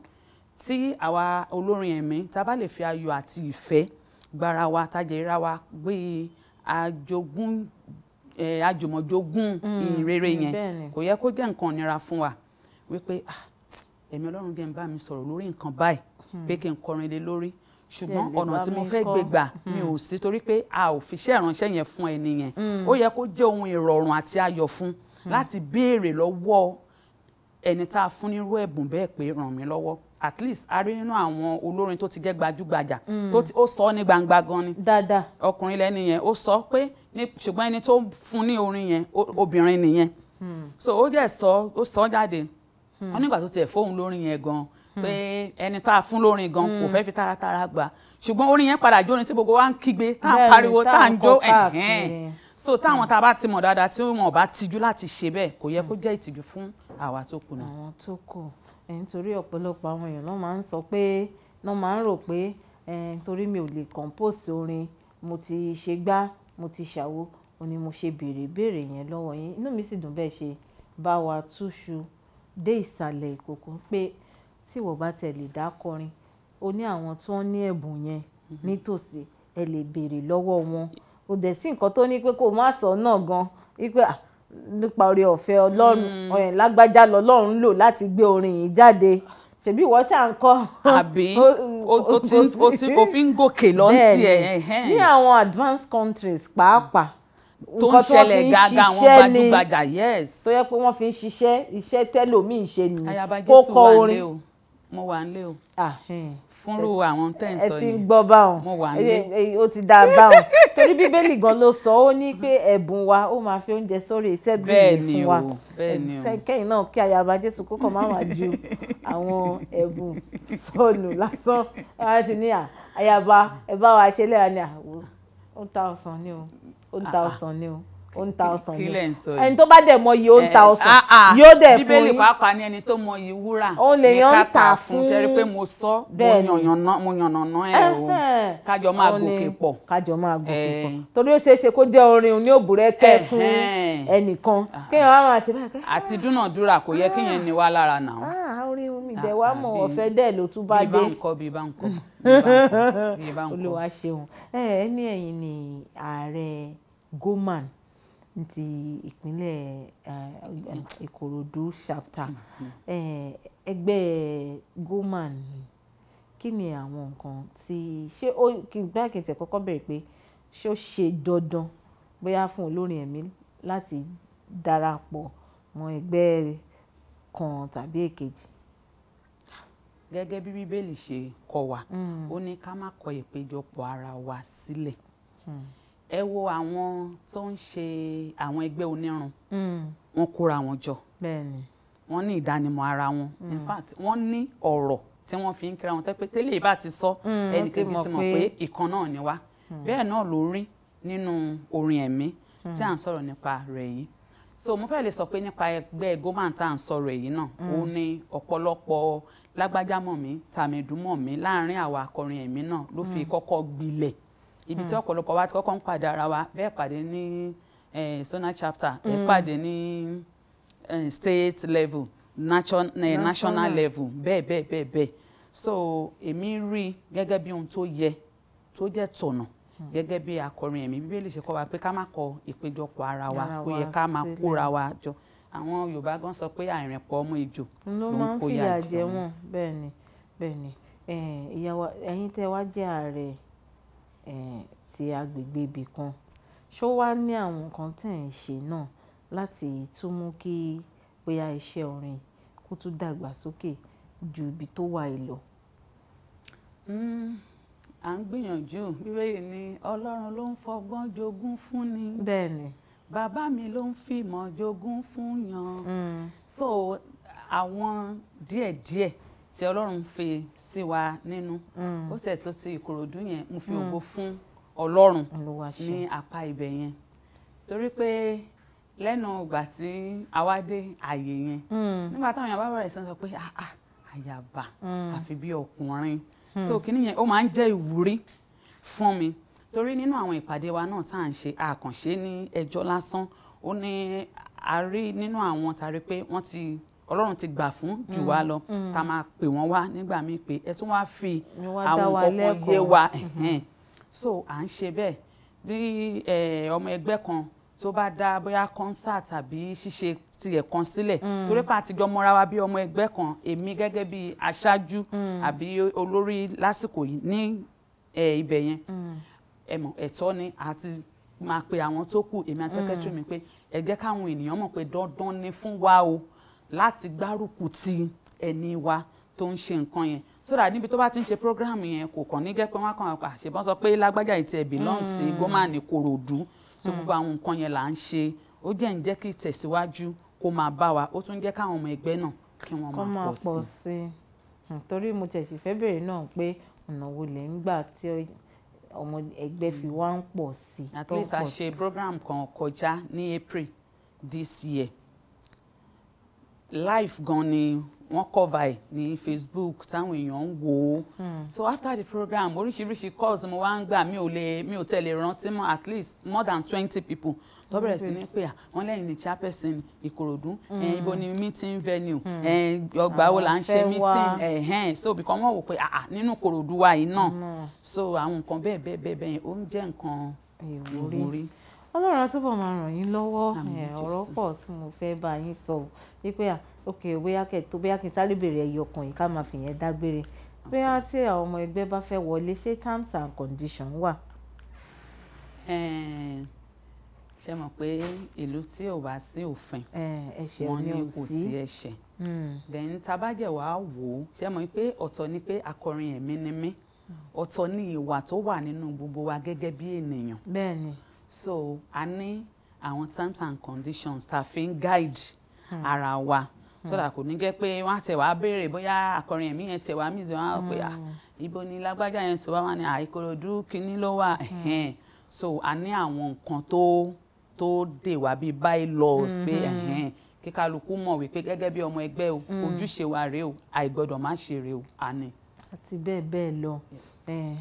tí àwa olórin ẹ̀mí tá a bá lè fi ayọ̀ àti ìfẹ́ gbára wa tájẹ̀ra wa gbé àjogún àjùmọ̀jogún hmm. ìrere hmm, yẹn kò yẹ kó jẹ́ nǹkan nira fún wa wípé ah, ẹ̀mí ọlọ́run jẹ́ ń bá mi sọ̀rọ̀ lórí nǹkan báyìí Hmm. pé kí n kọrin lé lórí ṣùgbọ́n ọ̀nà tí mo fẹ́ gbé mi hmm. ò sí torí pé a ò fiṣẹ́ ìránṣẹ́ yẹn fún ẹni yẹn hmm. ó yẹ kó jẹ́ ohun ìrọ̀rùn àti ayọ̀ fún láti béèrè lọ́wọ́ ẹni tá a fún nírú ẹ̀bùn bẹ́ẹ̀ pé ràn mí lọ́wọ́ at least a rí nínú àwọn olórin tó ti jẹ́ gbajúgbajà tó ti ó sọ ní gbangba gan ni dáadáa ọkùnrin lẹ́ni yẹn ó sọ pé ní ṣùgbọ́n ẹni tó fún ní orin yẹn obìnrin nìyẹn so ó dẹ̀ sọ ó sọ jáde ó nígbà tó tiẹ̀ fóun lórin yẹn gan-an pé hmm. ẹni tá a fún lórin gan kò hmm. fẹ́ fi taratara gbà ṣùgbọ́n orin yẹn padà jórin tí gbogbo wa ń kígbe tá à pariwo tá à ń jó ẹ̀hẹ́n so táwọn hmm. tá a bá ti mọ̀ dáadáa tí wọn ò bá tijú láti ṣe bẹ́ẹ̀ kò yẹ kó jẹ́ ìtìjú fún àwa tó kù náà. àwọn tó kù nítorí ọ̀pọ̀lọpọ̀ àwọn èèyàn náà máa ń sọ pé náà máa ń rò pé torí mi ò lè compose orin mo ti ṣe gbá mo ti ṣàwo ó ní mo ṣe béèrè béèrè yẹn lọ́wọ́ yín inú mi sì dùn bẹ́ẹ̀ ṣe bá wa túṣu dé ìsàlẹ̀ ìkòkò pé tí ìwọ bá tẹ̀ lè dá kọrin o ní àwọn tó ń ní ẹ̀bùn yẹn mhm. nítòsí ẹ lè béèrè lọ́wọ́ wọn o dẹ̀ sí nǹkan tó ní pé kó má sọ náà gan wípé nípa oore ọ̀fẹ́ ọlọ́run hmm. ọ̀yàn lágbájá lọ́lọ́run lò láti gbé orin yìí jáde ṣèbí ìwọ ṣáà ń kọ́. àbí (laughs) o ti o ti o fi ń gòkè lọ́ntì ẹ̀. ní àwọn advanced countries pàápàá tó ń ṣẹlẹ̀ gàgà àwọn gbajúgbajà yes. tó yẹ pé wọ́n fi ń ṣiṣẹ́ iṣẹ́ tẹ́lòmíì ṣe nìyí kó kọ orin. ayaba jésù wà lé o mo wà nílé o hmm. fúnrú àwọn tẹ́ ń sọ yìí ẹ ti ń gbọ́ báwọn mo wà nílé o ti dáa báwọn torí bíbélì gan ló sọ ó ní pé ẹ̀bùn wa ó máa fi oúnjẹ sórí tẹ́bìlì fún wa kẹ́yìn náà kí ayaba jésù kókò má wàá ju àwọn ẹ̀bùn sọnù lásán wọ́n á ti ní ayaba ẹ bá wa ṣe lẹ́yìn ní àwọn one thousand ni o one thousand ni o one thousand ni ẹni tó bá dẹ̀ mọ iye one eh, thousand ah, ah. yóò dẹ̀ fún yín bíbélì pàápàá ní ẹni tó mọ iye wúrà ní ká fún ṣe pé mo sọ mo yànnàná ẹ o kájọ máa gòkè pọ̀ kájọ máa gòkè pọ̀ torí ó ṣeé ṣe kó jẹ́ orin ní òbúrẹ́kẹ́ fún ẹnìkan ah, kéèyàn wá máa ṣe báyìí. àti dúnàdúrà kò yẹ kéèyàn ní wá lára nà ó. orin omi dẹ̀ wá mọ̀ ọ̀fẹ́ dẹ̀ ló tún bá dé. bí bá ń kọ́ (laughs) bí bá ń kọ́ bí bá ń kọ́. olúwa ṣeun ẹ eh, ẹ ní ẹ̀yin ni ààrẹ Goman nti ti ìpínlẹ̀ Ìkòròdú chapter mm-hmm. ẹgbẹ́ goman kí ni àwọn nǹkan tí ṣé ó kí n gbá kìntẹ̀ kọ́kọ́ bẹ̀rẹ̀ pé ṣé ó ṣe dandan bóyá fún olórin ẹ̀mí láti darapọ̀ mọ́ ẹgbẹ́ kan tàbí èkejì gẹ́gẹ́ bí bíbélì ṣe kọ́ wa mm. ó ní ká má kọ ìpéjọpọ̀ ara wa sílẹ̀. Hmm ẹ wo àwọn tó ń ṣe àwọn ẹgbẹ́ onírun hmm. wọ́n kóra wọn jọ wọ́n ní ìdánimọ̀ ara wọn in hmm. fact wọ́n ní ọ̀rọ̀ tí wọ́n fi ń kíra wọn tẹ́ pé tẹ́lẹ̀ bá ti sọ hmm, ẹnìkejì ti mọ̀ pé ìkan náà ni wá bẹ́ẹ̀ náà ló rí nínú orin ẹ̀mí tí à ń sọ̀rọ̀ nípa rẹ̀ yìí so mo fẹ́ lè sọ pé nípa ẹgbẹ́ goman tá à ń sọ̀rọ̀ èyí náà ó ní ọ̀pọ̀lọpọ̀ lágbájámọ̀ mi tàmẹ̀dúmọ̀ mi láàárín àwa akọrin ẹ̀mí náà ló fi kọ́kọ́ gbilẹ̀ ibi tí hmm. ọ̀pọ̀lọpọ̀ wa ti kọ́kọ́ ń pàdé ara wa bẹ́ẹ̀ pàdé ní zona eh, chapter ẹ̀ hmm. pàdé ní eh, state level eh, national, national level bẹ́ẹ̀ bẹ́ẹ̀ bẹ́ẹ̀ bẹ́ẹ̀ so èmi rí gẹ́gẹ́ bí ohun tó yẹ tó jẹ́ tọ̀nà hmm. gẹ́gẹ́ bí akọrin ẹ̀mí bíbélì ṣe kọ́ wa pé ká má kọ ìpéjọpọ̀ ara wa kó yẹ ká máa kóra wa jọ àwọn yorùbá gan sọ pé àìrìnpọ̀ ọmọ ìjò ló ń kó yà jẹ wọn bẹ́ẹ̀ ni bẹ́ẹ̀ ni ìyàwó ẹ̀yin tẹ́ wá jẹ́ ààrẹ ti agbègbè ibì kan ṣó wá ní àwọn nǹkan tẹ̀ ń ṣe náà láti tún mú kí bóyá iṣẹ́ orin kó tún dàgbà sókè ju ibi tó wà yìí lọ? Hmm, à ń gbìyànjú bíbélì ni Ọlọ́run ló ń fọgbọ́n jogún fún ni. Bẹ́ẹ̀ni. Bàbá mi ló ń fìmọ̀ jogún fún yan. Mm. So àwọn díẹ̀díẹ̀ tí ọlọ́run fi sí wa nínú mm. ó tẹ̀ tó ti ìkòròdú yẹn mo fi mm. ògo fún ọlọ́run ní apá ibẹ̀ yẹn torí pé lẹ́nu ìgbà tí a wá dé àyè yẹn mm. nígbà táwọn èèyàn bá bẹ̀rẹ̀ sí sọ pé ah, ah, àyàbá àfi bí ọkùnrin so kínní yẹn ó máa ń jẹ́ ìwúrí fún mi torí nínú àwọn ìpàdé wa náà tá à ń ṣe àkànṣe ní ẹjọ́ lásán ó ní a rí nínú àwọn tàrí pé wọ́n ti ọlọ́run ti gbà fún jù wá mm, lọ mm. tá a máa pè wọ́n wá nígbà míì pé ẹ tún wá fi àwọn kọ̀ọ̀kan yé wa mm-hmm. so à ń ṣe bẹ́ẹ̀ bí ọmọ ẹgbẹ́ kan tó bá dá bóyá concert tàbí ṣíṣe tiẹ̀ kan sílẹ̀ mm. torí pa àtijọ́ mọ́ra wa bí ọmọ ẹgbẹ́ kan èmi gẹ́gẹ́ bí aṣáájú àbí olórí lásìkò yìí ní ibẹ̀ yẹn ẹ̀mọ̀ ẹ̀tọ́ ni àti máa pe àwọn tó kù èmi àti secretary mi pé ẹ jẹ́ káwọn ènìyàn mọ̀ pé dandan ni fún wa o láti gbárùkù ti ẹni wa tó ń ṣe nǹkan yẹn so that níbi tó bá ti ń ṣe program yẹn kò kàn ní gẹ́pẹ́ wọn kàn pa àṣebọ́n sọ pé lágbájá ìtì ẹ̀bì lọ́hùn sí mm. gómàní kòròdú so mm. gbogbo àwọn nǹkan yẹn là ń ṣe ó jẹ́ ń jẹ́ kí tẹ̀síwájú kó máa bá wa ó tún jẹ́ káwọn ọmọ ẹgbẹ́ náà kí wọ́n máa pọ̀ sí i. Hmm, torí mo tẹ̀sí fẹ́ bèrè náà pé ọ̀nà wo lè ń gbà tí ọmọ ẹgbẹ́ fi wá ń pọ̀ sí at least a ṣe program kan kọjá ní April this year live gan ni wọ́n cover ẹ̀ ní Facebook táwọn èèyàn ń wò ó hmm. so after the program oríṣiríṣi calls mo wá ń gbà mi ò lè mi ò tẹ̀lé rántí mọ́ at least more than twenty people tó bẹ̀rẹ̀ sí ní pé à wọ́n lẹ́yìn ní chairperson ìkòròdú hmm. ibo ni meeting venue hmm. ọgbà wo là ń ṣe meeting so because wọ́n wò pé àà nínú ìkòròdú wa yìí náà so àwọn nǹkan bẹ́ẹ̀ bẹ́ẹ̀ bẹ́ẹ̀ bẹ́ẹ̀ ó ń jẹ́ nǹkan ìwúrí ọlọ́run túbọ̀ máa ràn yín lọ́wọ́ ọ̀rọ̀ pọ̀ tí mo fẹ́ bá yín sọ wípé ok bóyá kẹtó bóyá kí n sáré bèrè ẹyọ ọkàn yìí ká máa fìyẹn dágbére bóyá tí àwọn ọmọ ẹgbẹ́ bá fẹ́ wọlé ṣé terms and conditions wà. ṣe mọ̀ pé ìlú tí ò bá sí òfin wọn ní kò sí ẹ̀ṣẹ̀ hmm. then tabajẹ wàá wò ó ṣe mọ̀ pé ọ̀tọ̀ ni pé akọrin ẹ̀mí ni mí hmm. ọ̀tọ̀ ni ìwà tó wà nínú gbogbo wa gẹ́gẹ́ bí ènìyàn. bẹ́ẹ̀ni so a ní àwọn terms and conditions tá a fi ń guide hmm. ara wa sọ́dà hmm. kò ní jẹ́ pé wọ́n á tẹ̀ wá béèrè bóyá akọrin ẹ̀mí yẹn tẹ̀ wá mìíràn wọ́n á pè á ah, hmm. ibo ni lágbájá yẹn sọ wá wà ní àìkòròdú ah, kínní ló wà hmm. so a ní àwọn nǹkan tó tó dè wá bíi bylaws pé kí kálukú mọ̀ wípé gẹ́gẹ́ bí ọmọ ẹgbẹ́ o ojúṣe wa rèé o àìgbọ́dọ̀ má ṣe rèé o a ní. àti bẹ́ẹ̀ bẹ́ẹ̀ lọ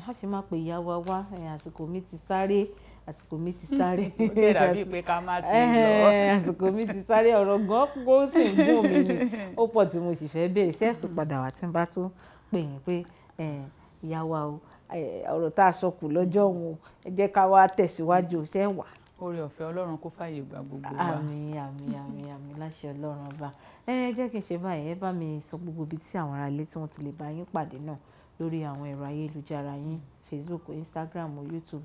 a ṣe máa pè ìyá wa wá àsìkò mi ti sáré. Yes àsìkò mi ti sáré. (laughs) ó lè dàbí pé ká má ti lọ. àsìkò mi ti sáré ọ̀rọ̀ gan kó sì ń gùn mí ni (laughs) ó pọ̀ tí mo sì fẹ́ béèrè ṣé ẹ̀sùn padà wá tí n bá tún pè yín pé ìyá wa o ọ̀rọ̀ tá a sọ kù lọ́jọ́ òun o ẹ jẹ́ ká wá tẹ̀síwájú ṣé wà. oore ọ̀fẹ́ ọlọ́run kó fàyè gbà gbogbo wa. àmín àmín àmín àmín láṣẹ ọlọ́run ọba ẹ jẹ́ kí n ṣe báyìí ẹ bá mi sọ gbogbo ibi tí àwọn aráalé tí wọ́n ti lè bá yín pàdé náà lórí àwọn ẹ̀rọ ayélujára yín Facebook Instagram YouTube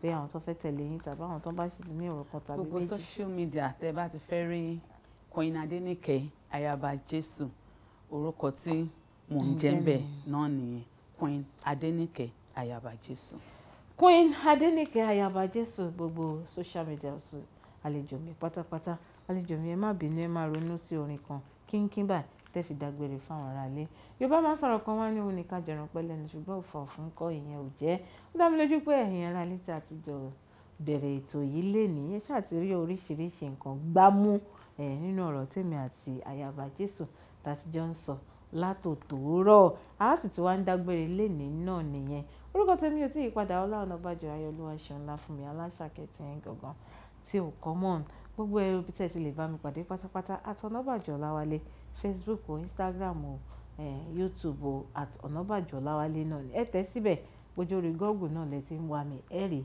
pé àwọn tó fẹ́ tẹ̀lé yín tàbí àwọn tó bá sì ti ní ọ̀rọ̀ kan tàbí méjì. gbogbo social media tẹ bá ti fẹ́ rí Queen Adenike ayaba Jésù orúkọ tí mò ń jẹ́ bẹ́ẹ̀ náà nìyẹn Queen Adenike ayaba Jésù. Queen Adenike ayaba Jésù gbogbo social media ọ̀sùn àlejò mi pátápátá àlejò mi ẹ má bínú ẹ má ronú sí orin kan kínkín báyìí tẹ́ fi dágbére fáwọn aráalé yorùbá máa ń sọ̀rọ̀ kan wá ní òun nìkan jẹ̀ràn pẹ́ lẹ́nu ṣùgbọ́n òfò fún kọ́ ìyẹn ò jẹ́ ó dá mi lójú pé ẹ̀yin aráalé tí a ti jọ bẹ̀rẹ̀ ètò yìí lè nìyẹn ṣáà ti rí oríṣiríṣi nǹkan gbámú nínú ọ̀rọ̀ tèmi àti àyàbá jésù tá a ti jọ ń sọ látòtòórọ̀ a sì ti wá ń dágbére lénìí náà nìyẹn orúkọ tèmi ò tí ì padà Ọlá Ọ̀nàbàjọ ayọ̀lúwa ṣeun ńlá fún mi aláṣàkẹ́tì ẹ̀ gangan tí ò kọ́ mọ́ gbogbo ẹ̀ ibi tẹ́ ti lè bá mi pàdé pátápátá àtọ̀nàbàjọ Ọláwálé 0244 Facebook o Instagram o eh, YouTube o at Ọ̀nàbàjọ́ Ọláwálé náà ni ẹ tẹ́ síbẹ̀ gbójú orí Google náà lẹ ti ń wá mi ẹ rí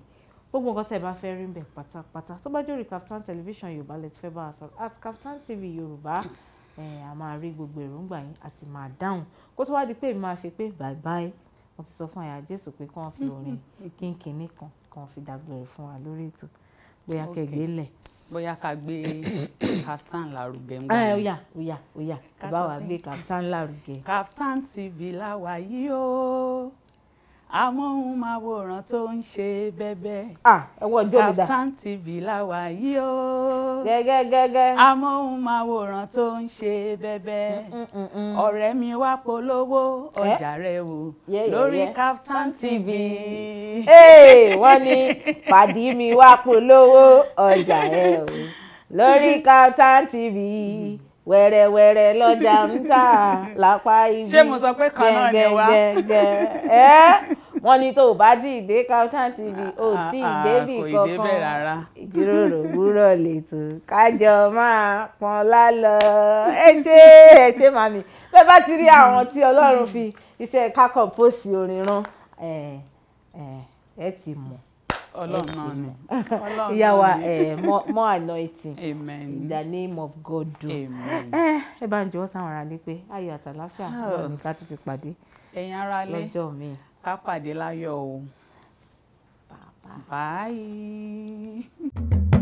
gbogbo nǹkan tẹ́ bá fẹ́ rí bẹ̀ pátápátá tó bá jórí Kaftan television Yorùbá lẹ ti fẹ́ bá a sọ at Kaftan TV Yorùbá eh, a máa rí gbogbo èròǹgbà yín a sì máa dáhùn kó tó wá di pé èmi máa ṣe pé bye bye wọ́n ti sọ fún àyà Jésù pé kí wọ́n fi orin (laughs) kínkínní kan kí wọ́n fi dágbére fún wa lórí ètò bóyá kẹgbẹ́ lẹ̀ bóyá ká gbé (coughs) Kaftan lárugẹ ń gbà yẹn. ọ̀yà ọ̀yà ọ̀yà bá wa gbé Kaftan lárugẹ. Kaftan TV láwa yìí o amóhùnmáwòrán tó ń ṣe bẹ́bẹ́ Captain TV láwa yìí o gẹ́gẹ́gẹ́gẹ́ amóhùnmáwòrán tó ń ṣe bẹ́bẹ́ ọ̀rẹ́ mi wá polówó ọjà rẹ wò lórí Captain TV. wọ́n ní pàdí mi wá polówó ọjà rẹ wò lórí Kaftan TV wẹ̀rẹ̀wẹ̀rẹ̀ lọ́jà ń tà lápá ibi. ṣé mo sọ pé kan náà ni wọ́n ní tó o bá dì ìdè Kaftan TV ah, o ah, tí ìdébì ah, kankan ìjíròrò òwúrọ̀ lètò kájọ máa pọn lálọ ẹ ṣe ẹ ṣe màmí bẹ́ẹ̀ bá ti rí àwọn tí Ọlọ́run fi iṣẹ́ kákọ̀ pósì orin rán ẹ ti mọ̀ ọlọ́run náà ni ìyàwó more anointing amen in the name of God do amen ẹ bá ń jọ̀wọ́ sáwọn aráalé pé ayọ̀ àtàláfíà lọ́ọ̀ ní ká tó fi pàdé ẹ̀yin aráalé lọ́jọ́ mi ká pàdé láyọ̀ o. Bye. Bye.